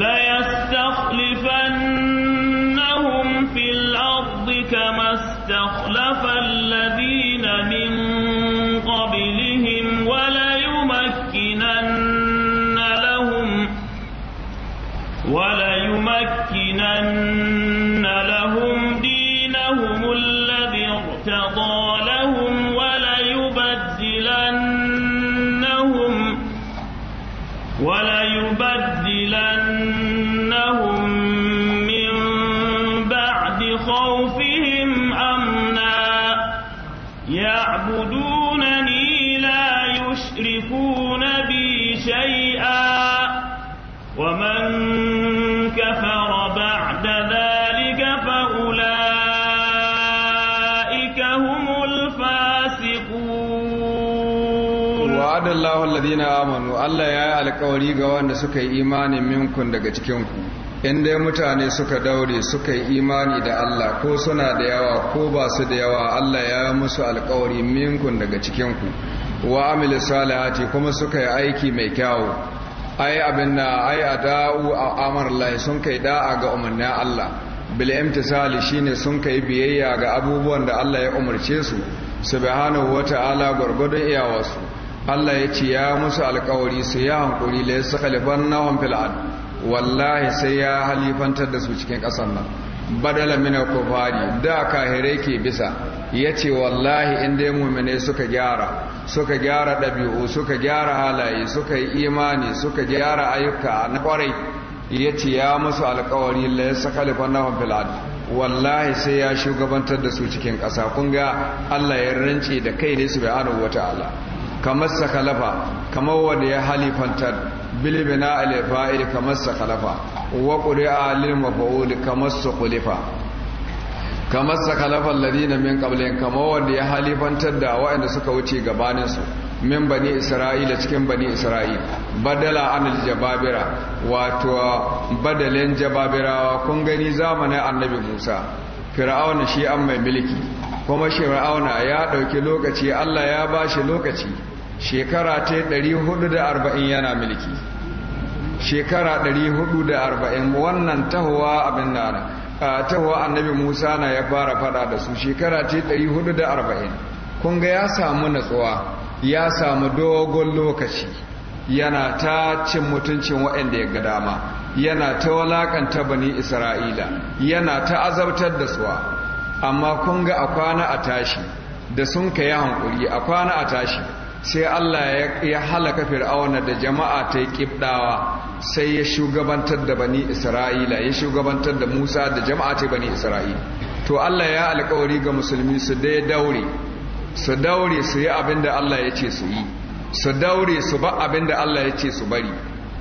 ليستخلفنهم في الأرض كما استخلف الذين من قبلهم وليمكنن لهم وليمكنن لهم دينهم الذي ارتضى لهم وليبدلنهم من بعد خوفهم أمنا يعبدونني لا يشركون بي شيئا ومن Allahu alladhina amanu Allah ya yi alkawari ga wanda suka yi imani minkun daga cikin ku in dai mutane suka daure suka yi imani da Allah ko suna da yawa ko ba su da yawa Allah ya yi musu alkawari minkun daga cikin ku wa amil salati kuma suka yi aiki mai kyawu ai abin da ai ada'u a Allah sun kai da'a ga umarnin Allah bil imtisali shine sun kai biyayya ga abubuwan da Allah ya umarce su subhanahu wata'ala gurgudun iyawarsu Allah ya ce ya musu alkawari su ya hankuri la khalifan nahum fil ard wallahi sai ya halifantar da su cikin ƙasar nan badala min kufari da kahirai ke bisa yace wallahi in dai mu'mine suka gyara suka gyara ɗabi'u suka gyara halaye suka yi imani suka gyara ayyuka na kwarai yace ya musu alkawari la khalifan nahum fil ard wallahi sai ya shugabantar da su cikin ƙasa kun ga Allah ya rance da kai ne subhanahu wata'ala kamar sakalafa kamar wanda ya halifantar bilibina alifa'ir kamar sakalafa wa qur'a lil maf'ul kamar suqlifa kamar sakalafa ladina min qablin kamar wanda ya halifantar da waɗanda suka wuce gabanin su min bani isra'ila cikin bani isra'ila badala anil jababira wato badalin jababirawa kun gani zamanin annabi Musa fir'auna shi an mai mulki kuma shir'auna ya ɗauki lokaci Allah ya ba shi lokaci shekara ta 440 yana mulki shekara 440 wannan tahowa abin da tahowa annabi Musa na ya fara fada da su shekara ta 440 kun ga ya samu natsuwa ya samu dogon lokaci yana ta cin mutuncin waɗanda ya ga dama yana ta walakanta bani Isra'ila yana ta azabtar da suwa amma kun ga a kwana a tashi da sun ka yi hankuri a kwana a tashi sai Allah ya halaka fir'auna da jama'a ta yi kibdawa sai ya shugabantar da bani isra'ila ya shugabantar da musa da jama'a ta bani isra'ila to Allah ya alkawari ga musulmi su dai daure su daure su yi abin da Allah ya ce su yi su daure su ba abin da Allah ya ce su bari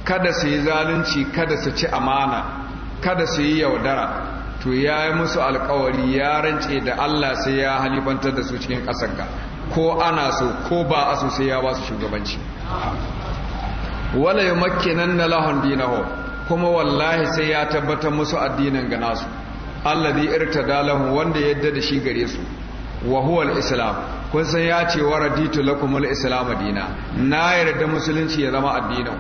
kada su yi zalunci kada su ci amana kada su yi yaudara to ya yi musu alkawari ya rance da Allah sai ya halifantar da su cikin ƙasarka ga ko ana so ko ba a so sai ya ba su shugabanci wala makinan na lahun dinahu kuma wallahi sai ya tabbatar musu addinin ga nasu zai irta dalahu wanda yadda da shi gare su wa huwa islam kun san ya ce wa raditu lakum al-islam dina na yarda musulunci ya zama addinin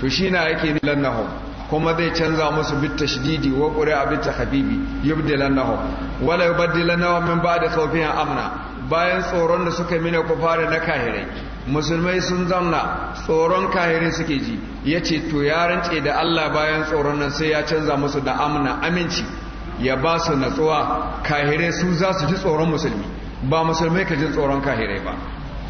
to shi na yake lannahum kuma zai canza musu bitta shididi wa ƙuri'a bitta habibi yubdilannahu wala yubaddilannahu min ba'di khawfihim amna bayan tsoron da suka mina fara na kahirai musulmai sun zamna tsoron kahirai suke ji yace to ya rance da Allah bayan tsoron nan sai ya canza musu da amna aminci ya ba su natsuwa kahirai su za su ji tsoron musulmi ba musulmai ka ji tsoron kahirai ba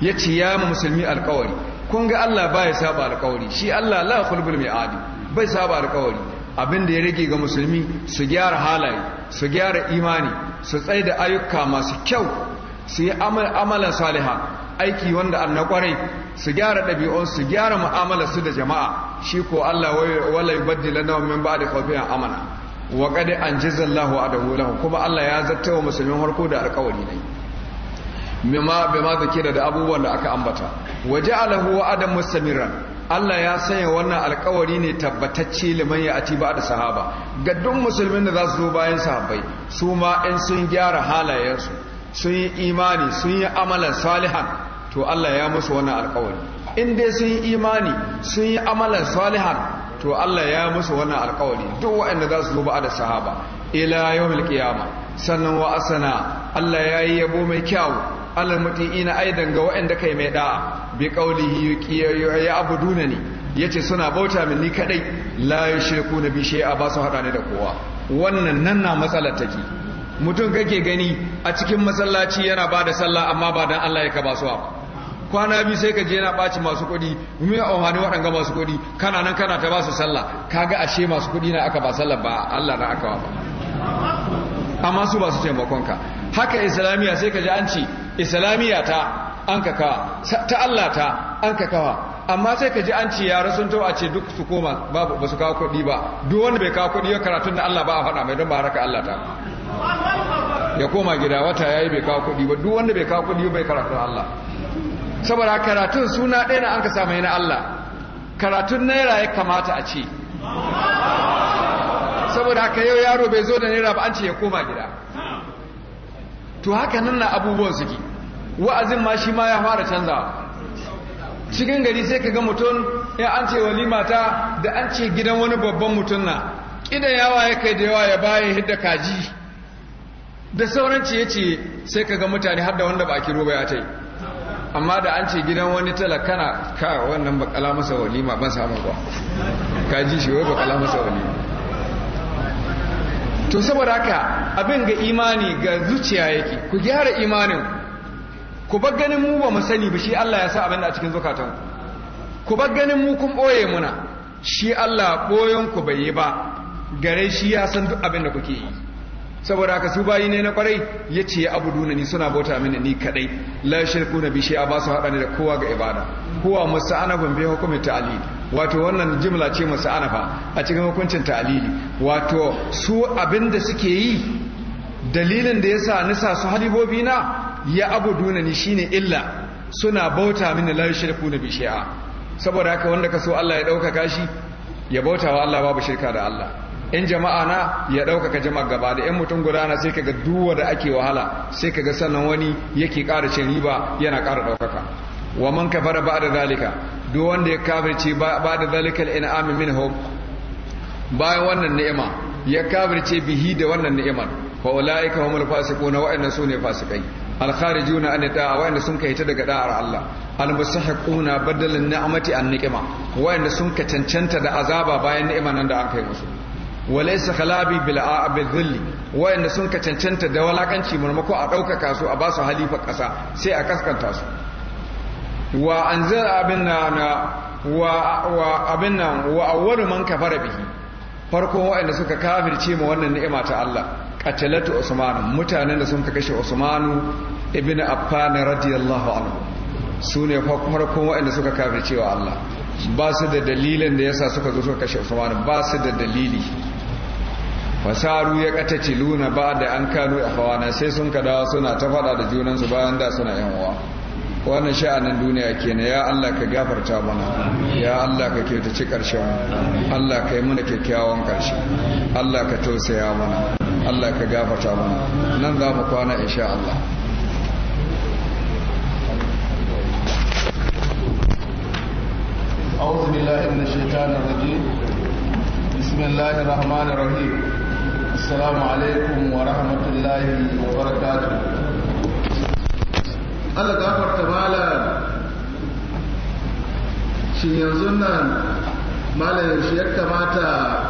yace ya musulmi alƙawari kun ga Allah baya saba alƙawari shi Allah la khulbul mi'adi bai saba alkawari abin da ya rage ga musulmi su gyara halaye su gyara imani su tsaye da ayyuka masu kyau su yi amalan saliha aiki wanda an na kwarai su gyara ɗabi'unsu su gyara mu'amala su da jama'a shi ko Allah wala yubaddila na min ba'di khawfin amana wa qad anjazallahu adahu lahu kuma Allah ya zatta wa musulmin harko da alkawari ne bai bima zakira da abubuwan da aka ambata waja'alahu adam mustamiran Allah ya sanya wannan alkawari ne tabbatacce liman ya ati ba da sahaba ga duk musulmin da za su zo bayan sahabbai su ma in sun gyara halayensu sun yi imani sun yi amalan salihan to Allah ya musu wannan alkawari in dai sun yi imani sun yi amalan salihan to Allah ya musu wannan alkawari duk waɗanda za su zo ba da sahaba ila yawmil qiyama sannan wa asana Allah ya yi yabo mai kyau alal muti'ina aidan ga ka kai mai da'a bi qaulihi ya abudunani yace suna bauta min ni kadai la yushriku na bi a ba su hada ne da kowa wannan nan na matsalar take mutum kake gani a cikin masallaci yana ba da sallah amma ba dan Allah ya ka ba su ba kwana biyu sai ka je na ɓaci masu kuɗi mu yi auhani waɗanga masu kuɗi kana nan kana ta ba su sallah kaga ashe masu kuɗi na aka ba sallah ba Allah na aka ba amma su ba su taimakon ka haka islamiyya sai ka ji an ce islamiyya ta an ka kawa ta Allah ta an ka kawa amma sai ka ji an ce yara sun tawa a ce duk su koma babu ba su kawo kuɗi ba duk wanda bai kawo kuɗi ya karatun da Allah ba a faɗa mai don ba Allah ta ya koma gida wata yayi bai kawo kuɗi ba duk wanda bai kawo kuɗi bai karatun Allah saboda karatun suna ɗaya na an ka samu na Allah karatun naira ya kamata a ce saboda haka yau yaro bai zo da naira ba an ce ya koma gida to haka nan na abubuwan suke wa'azin ma shi ma ya fara canza cikin gari sai ka ga mutum ya an ce walima ta da an ce gidan wani babban mutum na kidan yawa ya kai da yawa ya baya hidda kaji da sauran ciye ce sai ka ga mutane har da wanda ba kiro ba ya yi amma da an ce gidan wani talakana ka wannan bakala masa walima ban samu ba kaji shi wai bakala masa walima to saboda haka abin ga imani ga zuciya yake ku gyara imanin ku bar ganin mu ba mu sani ba shi Allah ya sa abin da a cikin zukatanku. ku bar ganin mu kun boye muna shi Allah boyon ku bai yi ba gare shi ya san duk abin da kuke yi saboda haka su bayi ne na kwarai ya ce abuduna ni suna bauta mini ni kadai la shirku na bishe a ba su haɗa da kowa ga ibada kowa musa anabin bai hukumi ta'alili wato wannan jimla ce musa anafa a cikin hukuncin ta'alili wato su abin da suke yi dalilin da ya yasa nisa su halibobi na ya abu abuduna ni shine illa suna bauta mini la yushriku bi shay'a saboda haka wanda kaso Allah ya ɗaukaka shi ya bauta wa Allah babu shirka da Allah in jama'a na ya ɗaukaka jama'a gaba da 'yan mutum guda na sai kaga duwa da ake wahala sai kaga sannan wani yake ƙara cin riba yana ƙara ɗaukaka wa man kafara ba zalika duk wanda ya kafirce ba da zalika inam minhum bayan wannan ni'ima ya kafirce bihi da wannan ni'imar fa ulaika humul fasiquna wa su ne fasikai al juna an da'a wa'anda sun kai ta daga da'ar Allah al-musahiquna badalan ni'mati an ni'ma wa'anda sun ka cancanta da azaba bayan ni'man nan da an kai musu walaysa khalabi bil a'abil dhilli wa'anda sun ka cancanta da walakanci murmako a ɗaukaka su a ba su halifa kasa sai a kaskanta su wa anzar abin na wa abin nan wa awwalu man kafara bihi farkon waɗanda suka kafirce ma wannan ni'ima ta Allah katalatu usman mutanen da sun ka kashe Usmanu ibn affan radiyallahu anhu sune farkon waɗanda suka kafirce cewa Allah ba su da dalilin da yasa suka zo suka kashe usman ba su da dalili fasaru ya katace luna ba da an kano a hawana sai sun dawa suna ta faɗa da junansu bayan da suna yan uwa wannan sha'anin duniya kenan ya Allah ka gafarta mana ya Allah ka ci karshen Allah ka yi mana kyakkyawan karshe Allah ka tausaya mana Allah ka gafata mana nan za mu kwana insha Allah أعوذ بالله من الشيطان الرجيم بسم الله الرحمن الرحيم السلام عليكم ورحمة الله وبركاته Allah gafarta mala shi yanzu nan malayin shi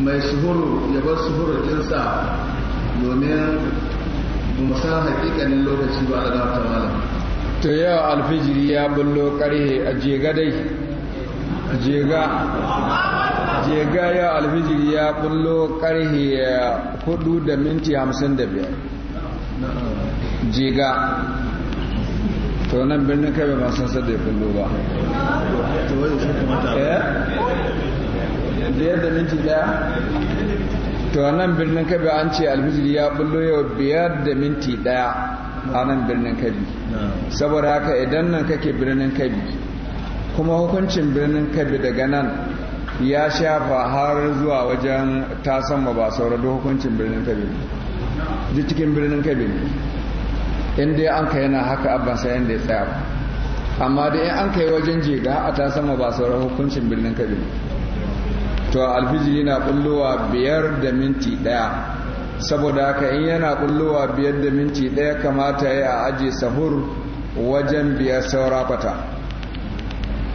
mai suhuru ya bar suhuru jinsa domin ba mu san hakikanin lokaci ba da ta malam to yau alfijiri ya bullo karhe a jega dai jega jega yau alfijiri ya bullo karhe hudu da minti hamsin da biyar jega to nan birnin kai ba san da ya bullo ba biyar da minti daya to a nan birnin kabi an ce alfijiri ya bullo yau biyar da minti daya a nan birnin kabi saboda haka idan nan kake birnin kabi kuma hukuncin birnin kabi daga nan ya shafa har zuwa wajen ta sama ba saurado hukuncin birnin kabi duk cikin birnin kabi inda an ka yana haka abban sayan da ya tsaya amma da in an kai wajen jega a sama ba saura hukuncin birnin kabi to alfijir yana kullowa biyar da minti ɗaya saboda haka in yana kullowa biyar da minti ɗaya kamata ya a aji sahur wajen biyar saura fata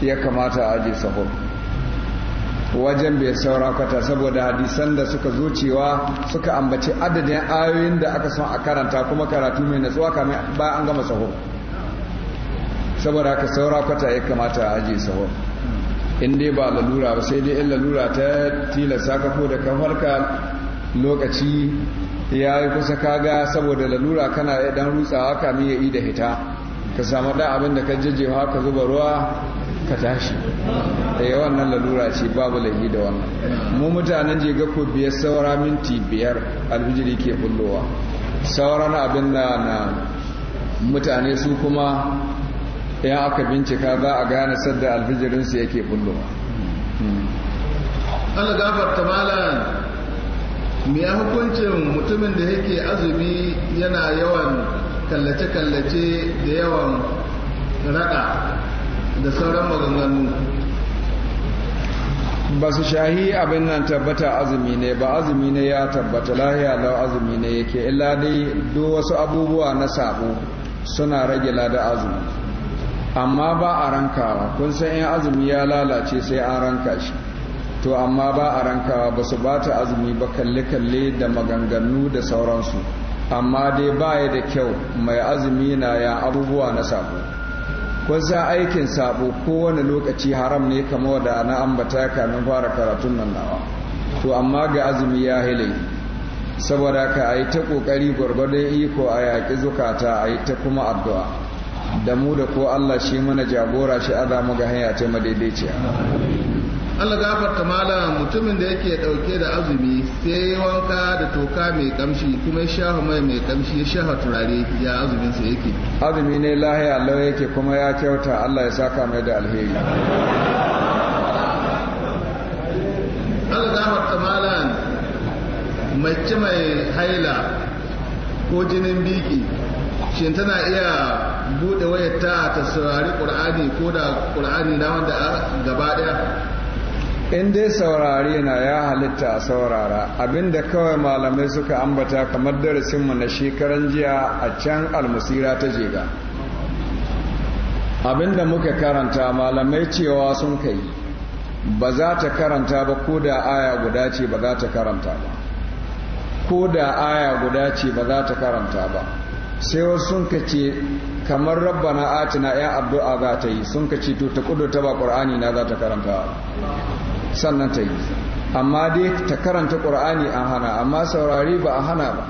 ya kamata a aji sahur wajen bai saura kwata saboda hadisan da suka zuciwa suka ambaci adadin ayoyin da aka son a karanta kuma karatu mai natsuwa kamar ba an gama sahur saboda aka saura kwata ya kamata a ajiye sahur in dai ba lalura ba sai dai in lalura ta tilasta ka ko da kafarka lokaci ya yi kusa kaga saboda lalura kana ya dan rutsawa kamin ya yi da hita ka samu da abin da ka jajjewa ka zuba ruwa ka tashi da eh, wannan lalura ce babu laifi da wannan mu mutanen je ko biyar saura minti biyar alhijiri ke bullowa sauran abin da na mutane su kuma ya aka bincika za a gane sadda alfijirinsu yake bullowa Allah gafar ta malam me ya hukuncin mutumin da yake azumi yana yawan kallace-kallace da yawan raɗa da sauran maganganu ba su shahi abin nan tabbata azumi ne ba azumi ne ya tabbata lahiya lau azumi ne yake illa dai duk wasu abubuwa na sabo suna rage lada azumi amma ba a rankawa kun san in azumi ya lalace sai an ranka shi to amma ba a rankawa ba su bata azumi ba kalle-kalle da maganganu da sauransu amma dai ba ya da kyau mai azumi na ya abubuwa na sabo kun san aikin sabo kowane lokaci haram ne kamar da na ambata kamin fara karatun nan nawa to amma ga azumi ya hile saboda ka a yi ta ƙoƙari gwargwadon iko a yaƙi zukata a yi ta kuma addu'a da mu da ko Allah shi mana jagora shi aza mu ga hanya ce madaidaiciya Allah gafarta malam mutumin da yake dauke da azumi sai wanka da toka mai kamshi kuma ya shafa mai mai kamshi ya shafa turare ya azumin sa yake azumi ne lahiya Allah yake kuma ya kyauta Allah ya saka mai da alheri Allah gafarta mala mace mai haila ko jinin biki shin tana iya bude wayar ta ta saurari qur'ani ko da qur'ani na wanda gaba daya in dai saurari na ya halitta a saurara abinda kawai malamai suka ambata kamar darasin mu na shekaran jiya a can almusira ta jega abinda muka karanta malamai cewa sun kai ba za ta karanta ba ko da aya guda ce ba za ta karanta ba ko da aya guda ce ba za ta karanta ba sai wasu sun ka ce kamar rabbana atina ya addu'a za ta yi sun ka ce to ta kudu ta ba qur'ani na za ta karanta sannan ta yi amma dai ta karanta qur'ani an hana amma saurari ba a hana ba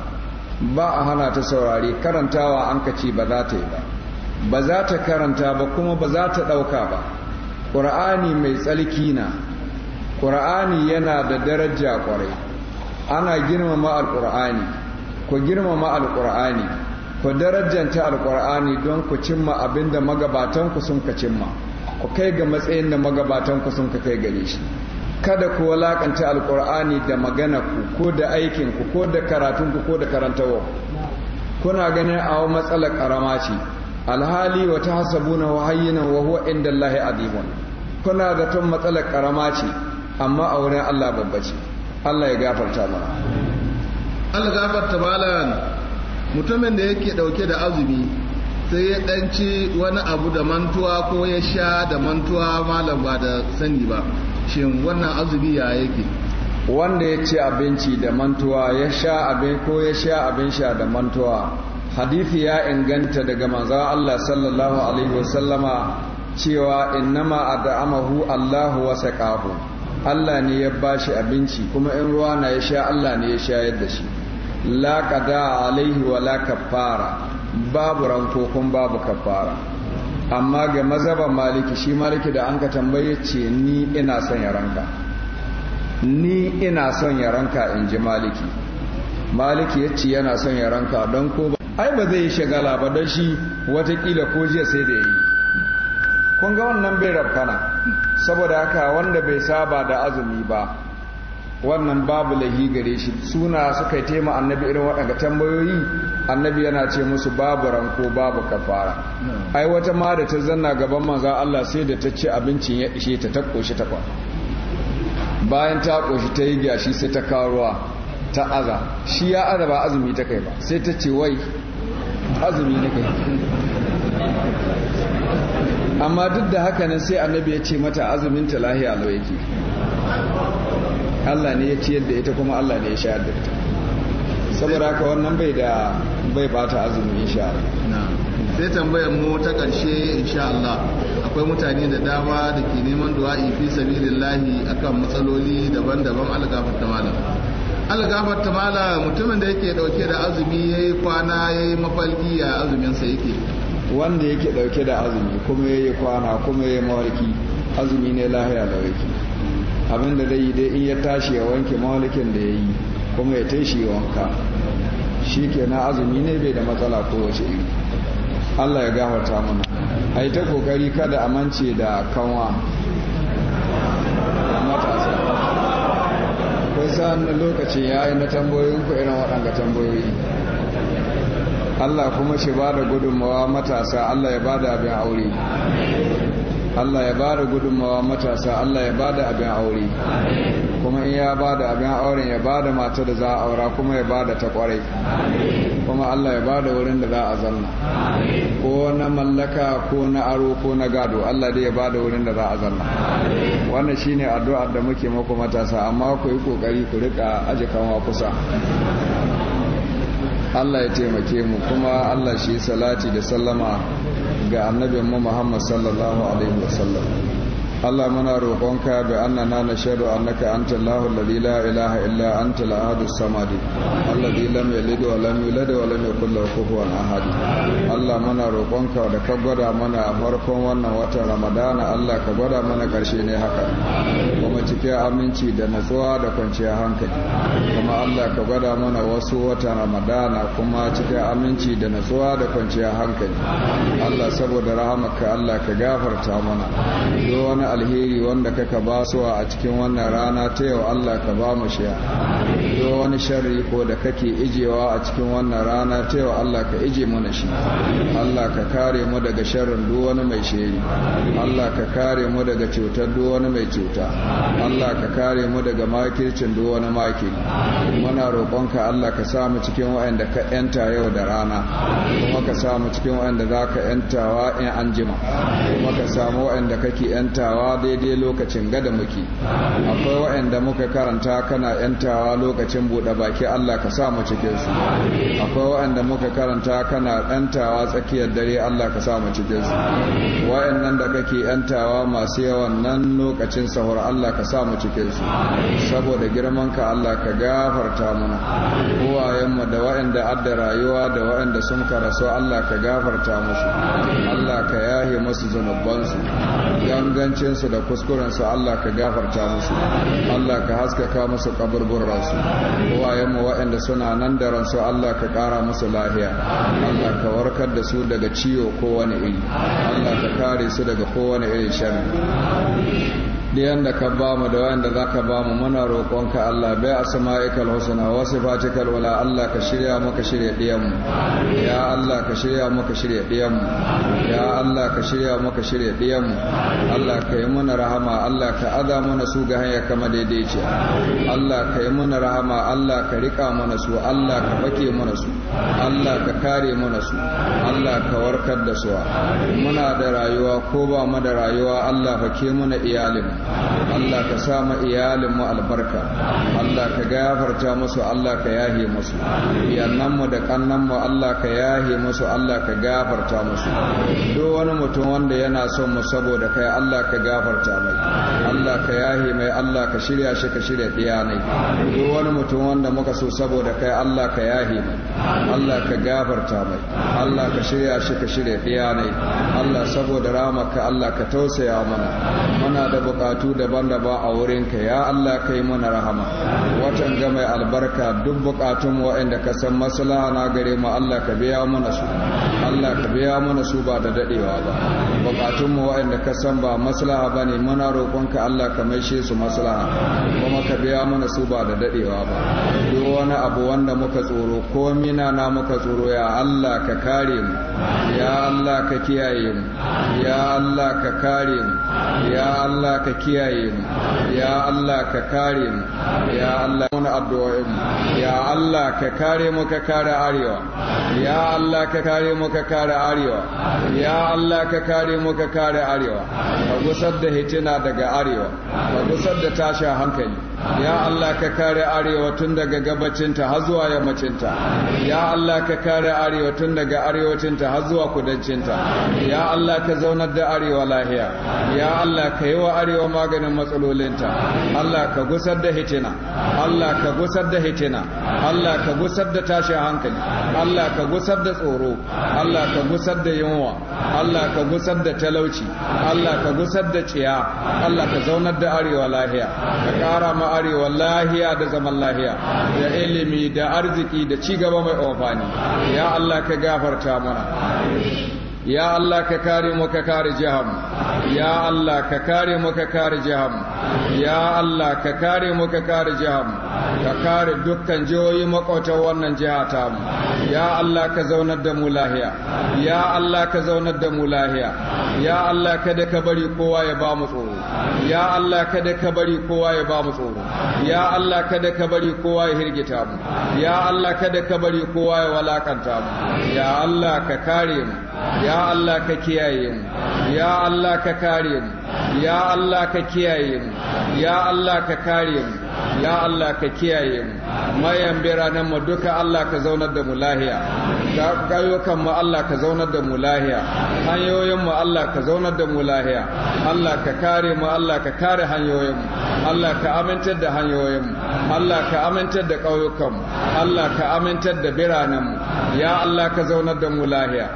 ba a hana ta saurari karantawa an ka ce ba za ta yi ba ba za ta karanta ba kuma ba za ta ɗauka ba ƙur'ani mai tsalki na ƙur'ani yana da daraja ƙwarai ana girmama alƙur'ani ku girmama alƙur'ani ku darajanta alkur'ani don ku cimma abin da magabatanku sun ka cimma ku kai ga matsayin da magabatanku sun ka kai gare shi kada ku walakanta alkur'ani da magana ku ko da aikin ku ko da karatun ku ko da karantawa kuna ganin awo matsalar karama ce alhali wa tahsabuna wa hayyina wa huwa inda lahi azibun kuna da tun matsalar karama ce amma a wurin Allah babba ce Allah ya gafarta mana Allah gafarta Bala. mutumin da yake dauke da azumi sai ya danci wani abu da mantuwa ko ya sha da mantuwa malam ba da sani ba shin wannan azumi ya yake wanda ya ci abinci da mantuwa ya sha abin ko ya sha abin sha da mantuwa hadithi ya inganta daga manzon Allah sallallahu alaihi wasallama cewa innama ad'amahu Allahu wa saqahu Allah ne ya bashi abinci kuma in ruwa na ya sha Allah ne ya shayar da shi la qada alaihi wa la kafara babu ranko kun babu kafara amma ga mazhaban maliki shi maliki da an ka tambaye ce ni ina son ya ranka ni ina son ranka in ji maliki maliki ya ce yana son ya ranka don ko ba ai ba zai yi shagala ba don shi watakila ko jiya sai da ya yi kun ga wannan bai rafkana saboda haka wanda bai saba da azumi ba wannan babu lahi gare shi suna suka taima annabi irin waɗanda tambayoyi annabi yana ce musu babu ranko babu kafara ai wata ma da ta zanna gaban manzan Allah sai da ta ci abincin ya ishe ta ta koshi ta kwa bayan ta koshi ta yi gashi sai ta karuwa ta aza shi ya aza ba azumi ta kai ba sai ta ce wai azumi na kai amma duk da haka nan sai annabi ya ce mata azumin ta lahiya lau yake Allah ne ya ciyar da ita kuma Allah ne ya shayar da ita saboda haka wannan bai da bai bata azumi insha Allah sai tambayar mu ta ƙarshe insha Allah akwai mutane da dama da ke neman du'a'i fi sabilillahi akan matsaloli daban-daban algafar malam algafar malam mutumin da yake dauke da azumi yayi kwana yayi mafalki ya azumin sa yake wanda yake dauke da azumi kuma yayi kwana kuma yayi mawarki azumi ne lahiya da yake abin da zai yi dai in ya tashi ya wanke mawalikin da ya yi kuma ya ta shi wanka shi ke na azumi ne bai da matsala kowace iri allah ya gafarta mana a yi ta kokari kada a mance da kanwa matasa kai sa'an lokacin ya yi na tambayoyin ku irin waɗanda tambayoyi Allah kuma shi ba da gudunmawa matasa Allah ya ba da abin aure Allah ya bada gudunmawa matasa Allah ya bada abin aure kuma in ya bada abin aure ya bada mata da za a aura kuma ya bada ta kwarai kuma Allah ya bada wurin da za a zanna ko na mallaka ko na aro ko na gado Allah dai ya bada wurin da za a zanna wannan shine addu'ar da muke muku matasa amma ku yi kokari ku rika aje kama kusa Allah ya taimake mu kuma Allah shi salati da sallama ga annabin mu Muhammad sallallahu alaihi wasallam Allah muna roƙonka bi annana nashhadu annaka antal lahu alladhi la ilaha illa anta al-ahad as-samad alladhi lam yalid wa lam yulad wa lam yakul lahu kufuwan ahad Allah muna roƙonka da ka gwada mana a farkon wannan watan Ramadana Allah ka gwada mana ƙarshe ne haka kuma cikin aminci da natsuwa da kwanciyar hankali kuma Allah ka gwada mana wasu watan Ramadana kuma cikin aminci da natsuwa da kwanciyar hankali Allah saboda rahamarka Allah ka gafarta mana duk wani alheri wanda kaka ba su a cikin wannan rana ta yau Allah ka ba mu shiya duk wani sharri ko da kake ijewa a cikin wannan rana ta yau Allah ka ije mana shi Allah ka kare mu daga sharrin duk wani mai shiri Allah ka kare mu daga cutar duk wani mai cuta Allah ka kare mu daga makircin duk wani makiri muna roƙonka Allah ka sa mu cikin waɗanda ka yanta yau da rana kuma ka sa mu cikin waɗanda za ka yantawa in an jima kuma ka samu waɗanda kake yantawa karantawa daidai lokacin gada muke akwai waɗanda muka karanta kana yantawa lokacin buɗe baki Allah ka sa mu cikin su akwai waɗanda muka karanta kana yantawa tsakiyar dare Allah ka sa mu cikin su waɗannan da kake yantawa masu yawan nan lokacin sahur Allah ka sa mu cikin su saboda girman ka Allah ka gafarta mana uwayen mu da waɗanda adda rayuwa da waɗanda sun karasu Allah ka gafarta musu Allah ka yahe musu zanubansu gangancin laifinsu da kuskurensu Allah ka gafarta musu Allah ka haskaka musu ransu uwayenmu waɗanda suna nan da ransu Allah ka kara musu lahiya Allah ka warkar da su daga ciwo ko wani iri Allah ka kare su daga kowane irin sharri diyan da ka ba mu da wayanda za ka ba mu muna roƙonka Allah bai a sama'ikal husna wa sifatikal wala Allah ka shirya maka shirya diyan mu ya Allah ka shirya maka shirya diyan ya Allah ka shirya maka shirya diyan Allah ka yi mana rahama Allah ka aza mana su ga hanya kama daidaici Allah ka yi mana rahama Allah ka rika mana su Allah ka su Allah ka kare mana su Allah ka warkar da su muna da rayuwa ko ba mu da rayuwa Allah fake mana iyalin Allah ka sa ma iyalin mu albarka Allah ka gafarta musu Allah ka yahe musu iyannan mu da kannan mu Allah ka yahe musu Allah ka gafarta musu duk wani mutum wanda yana son mu saboda kai Allah ka gafarta mai Allah ka yahe mai Allah ka shirya shi ka shirya diyanai duk wani mutum wanda muka so saboda kai Allah ka yahe mai Allah ka gafarta mai Allah ka shirya shi ka shirya diyanai Allah saboda ramaka Allah ka tausaya mana muna da buƙatu bukatu daban-daban a wurinka ya Allah kai mana rahama watan ga mai albarka duk bukatun wa'anda ka san maslaha na gare mu Allah ka biya mana su Allah ka biya mana su ba da dadewa ba bukatun mu wa'anda ka san ba maslaha bane muna roƙonka Allah ka maishe su maslaha kuma ka biya mana su ba da dadewa ba duk wani abu wanda muka tsoro ko mina na muka tsoro ya Allah ka kare mu ya Allah ka kiyaye mu ya Allah ka kare mu ya Allah ka kiyaye mu ya Allah ka kare mu ya Allah mun addu'o'in mu ya Allah ka kare mu ka kare arewa ya Allah ka kare mu ka kare arewa ya Allah ka kare mu ka kare arewa ka gusar da hitina daga arewa ka gusar da tashin hankali ya Allah ka kare arewa tun daga gabacinta har zuwa yammacinta ya Allah ka kare arewa tun daga arewacinta har zuwa kudancinta ya Allah ka zaunar da arewa lahiya ya Allah ka yi wa arewa maganin matsalolinta Allah ka gusar da hitina Allah ka gusar da hitina Allah ka gusar da tashin hankali Allah ka gusar da tsoro Allah ka gusar da yunwa Allah ka gusar da talauci Allah ka gusar da ciya Allah ka zaunar da arewa lahiya ka ƙara ma arewa lahiya da zaman lahiya da ilimi da arziki da ci gaba mai amfani ya Allah ka gafarta mana ya Allah ka kare mu ka kare jihar ya Allah ka kare mu ka kare jihar ya Allah ka kare mu ka kare jihar ka kare dukkan jihohi makwatan wannan jiha ta mu ya Allah ka zaunar da mu lahiya ya Allah ka zaunar da mu lahiya ya Allah kada ka bari kowa ya ba mu tsoro ya Allah kada ka bari kowa ya ba mu tsoro ya Allah kada ka bari kowa ya hirgita mu ya Allah kada ka bari kowa ya walakanta mu ya Allah ka kare mu ya Allah ka kiyaye mu ya Allah ka kare mu ya Allah ka kiyaye mu ya Allah ka kare mu ya Allah ka kiyaye mu mayan biranen mu duka Allah ka zaunar da mu lahiya ƙauyukan mu Allah ka zaunar da mu lahiya hanyoyin mu Allah ka zaunar da mu lahiya Allah ka kare mu Allah ka kare hanyoyin mu Allah ka amintar da hanyoyin mu Allah ka amintar da kauyukan mu Allah ka amintar da biranen mu ya Allah ka zaunar da mu lahiya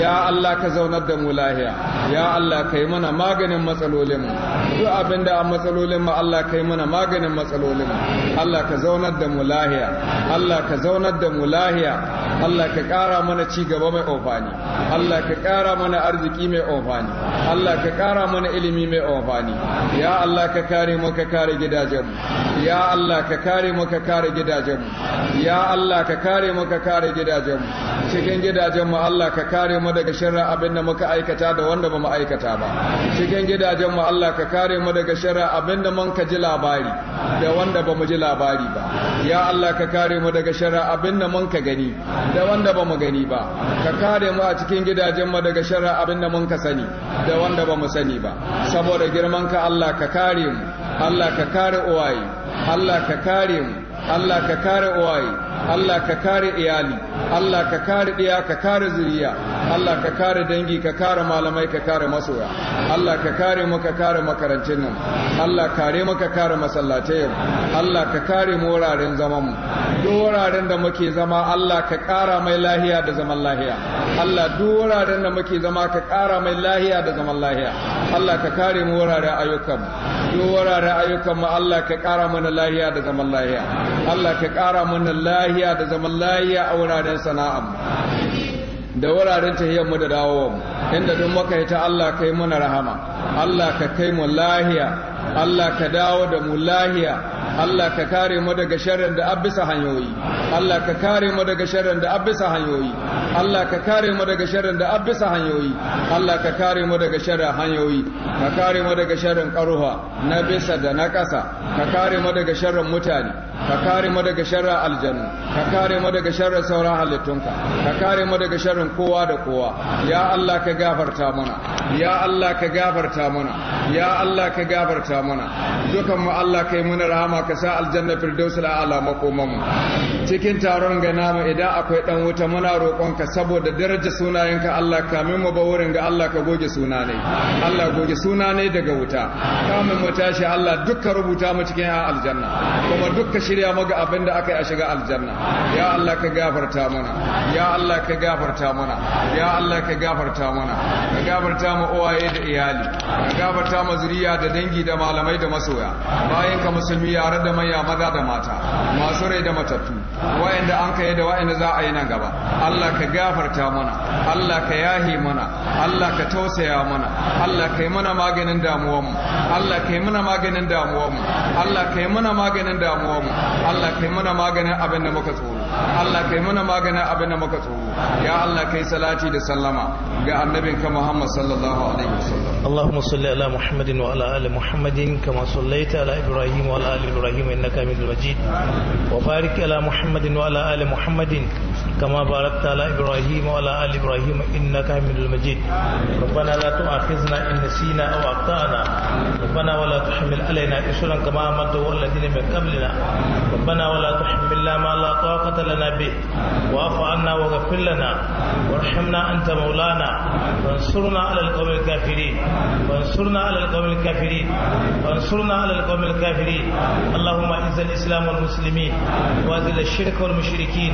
ya Allah ka zaunar da mu lahiya ya Allah ka yi mana maganin matsalolin mu duk abinda a matsalolin mu Allah ka yi mana maganin matsalolin matsalolin Allah ka zaunar da mu lahiya Allah ka zaunar da mu lahiya Allah ka ƙara mana ci gaba mai amfani Allah ka ƙara mana arziki mai amfani Allah ka ƙara mana ilimi mai amfani ya Allah ka kare mu ka kare gidajenmu ya Allah ka kare mu ka kare gidajenmu ya Allah ka kare mu ka kare mu cikin gidajenmu Allah ka kare mu daga sharrin abin da muka aikata da wanda ba mu aikata ba cikin gidajenmu Allah ka kare mu daga sharrin abin da mun ka ji labari da wanda ba mu ji labari ba ya Allah ka kare mu daga shara abin da mun ka gani da wanda ba mu gani ba ka kare mu a cikin gidajen mu daga shara abin da mun ka sani da wanda ba mu sani ba saboda girman ka Allah ka kare mu Allah ka kare uwaye Allah ka kare mu Allah ka kare uwaye Allah ka kare iyali Allah ka kare ɗiya ka kare zuriya Allah ka kare dangi ka kare malamai ka kare masoya Allah ka kare mu ka kare makarancin nan Allah kare mu ka kare masallatai Allah ka kare mu wuraren zaman mu duk wuraren da muke zama Allah ka kara mai lahiya da zaman lahiya Allah duk wuraren da muke zama ka kara mai lahiya da zaman lahiya Allah ka kare mu wuraren ayyukan duk wuraren ayyukan mu Allah ka kara mana lahiya da zaman lahiya Allah ka kara mana lahiya lahiya da zaman lahiya a wuraren sana'am da wuraren tahiyar mu da dawowar inda duk muka ta Allah kai muna rahama Allah ka kai mu lahiya Allah ka dawo da mu lahiya Allah ka kare mu daga sharrin da abisa hanyoyi Allah ka kare mu daga sharrin da abisa hanyoyi Allah ka kare mu daga sharrin da abisa hanyoyi Allah ka kare mu daga sharrin hanyoyi ka kare mu daga sharrin karuha na bisa da na ƙasa ka kare mu daga sharrin mutane ka kare mu daga sharrin aljanna ka kare mu daga sharrin sauran halittunka ka kare mu daga sharrin kowa da kowa ya Allah ka gafarta mana ya Allah ka gafarta mana ya Allah ka gafarta mana dukan mu Allah kai muna rahama rahama ka sa aljanna la a'la makoman cikin taron ga namu idan akwai dan wuta muna roƙon ka saboda daraja sunayenka Allah kamin mu ba wurin ga Allah ka goge suna ne Allah goge suna ne daga wuta kamin mu tashi Allah dukka rubuta mu cikin aljanna kuma dukka shirya mu ga abin da aka a shiga aljanna ya Allah ka gafarta mana ya Allah ka gafarta mana ya Allah ka gafarta mana ka gafarta mu uwaye da iyali ka gafarta mu zuriya da dangi da malamai da masoya bayan ka musulmi ya tare da maya maza da mata masu rai da matattu wa'anda an kai da wa'anda za a yi nan gaba Allah ka gafarta mana Allah ka yahi mana Allah ka tausaya mana Allah ka yi mana maganin damuwar mu Allah ka yi mana maganin damuwar mu Allah ka mana maganin damuwar Allah ka yi mana maganin abin da muka tsoro Allah kai muna maganin abin da muka tsoro ya Allah kai salati da sallama ga annabinka Muhammad sallallahu alaihi wasallam Allahumma salli ala Muhammadin wa ala ali Muhammadin kama sallaita ala Ibrahim wa ala ali Ibrahim innaka Hamidul Majid wa barik ala Muhammadin wa ala ali Muhammadin كما باركت على إبراهيم وعلى آل إبراهيم إنك حميد مجيد ربنا لا تؤاخذنا إن نسينا أو أخطأنا ربنا ولا تحمل علينا إصرا كما حملته على الذين من قبلنا ربنا ولا تحملنا ما لا طاقة لنا به واعف عنا واغفر لنا وارحمنا أنت مولانا وانصرنا على القوم الكافرين وانصرنا على القوم الكافرين وانصرنا على القوم الكافرين اللهم اعز الإسلام والمسلمين واذل الشرك والمشركين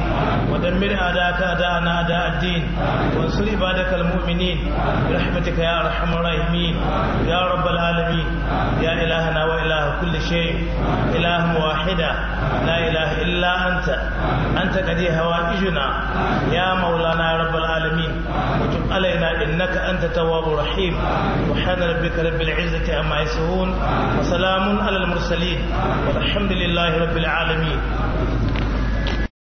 ودمر ومن أداك أداءنا أداء الدين وانصر عبادك المؤمنين برحمتك يا أرحم الراحمين يا رب العالمين يا إلهنا وإله كل شيء إله واحدة لا إله إلا أنت أنت قدي هوائجنا يا مولانا يا رب العالمين وتب علينا إنك أنت تواب رحيم سبحان ربك رب العزة عما يصفون وسلام على المرسلين والحمد لله رب العالمين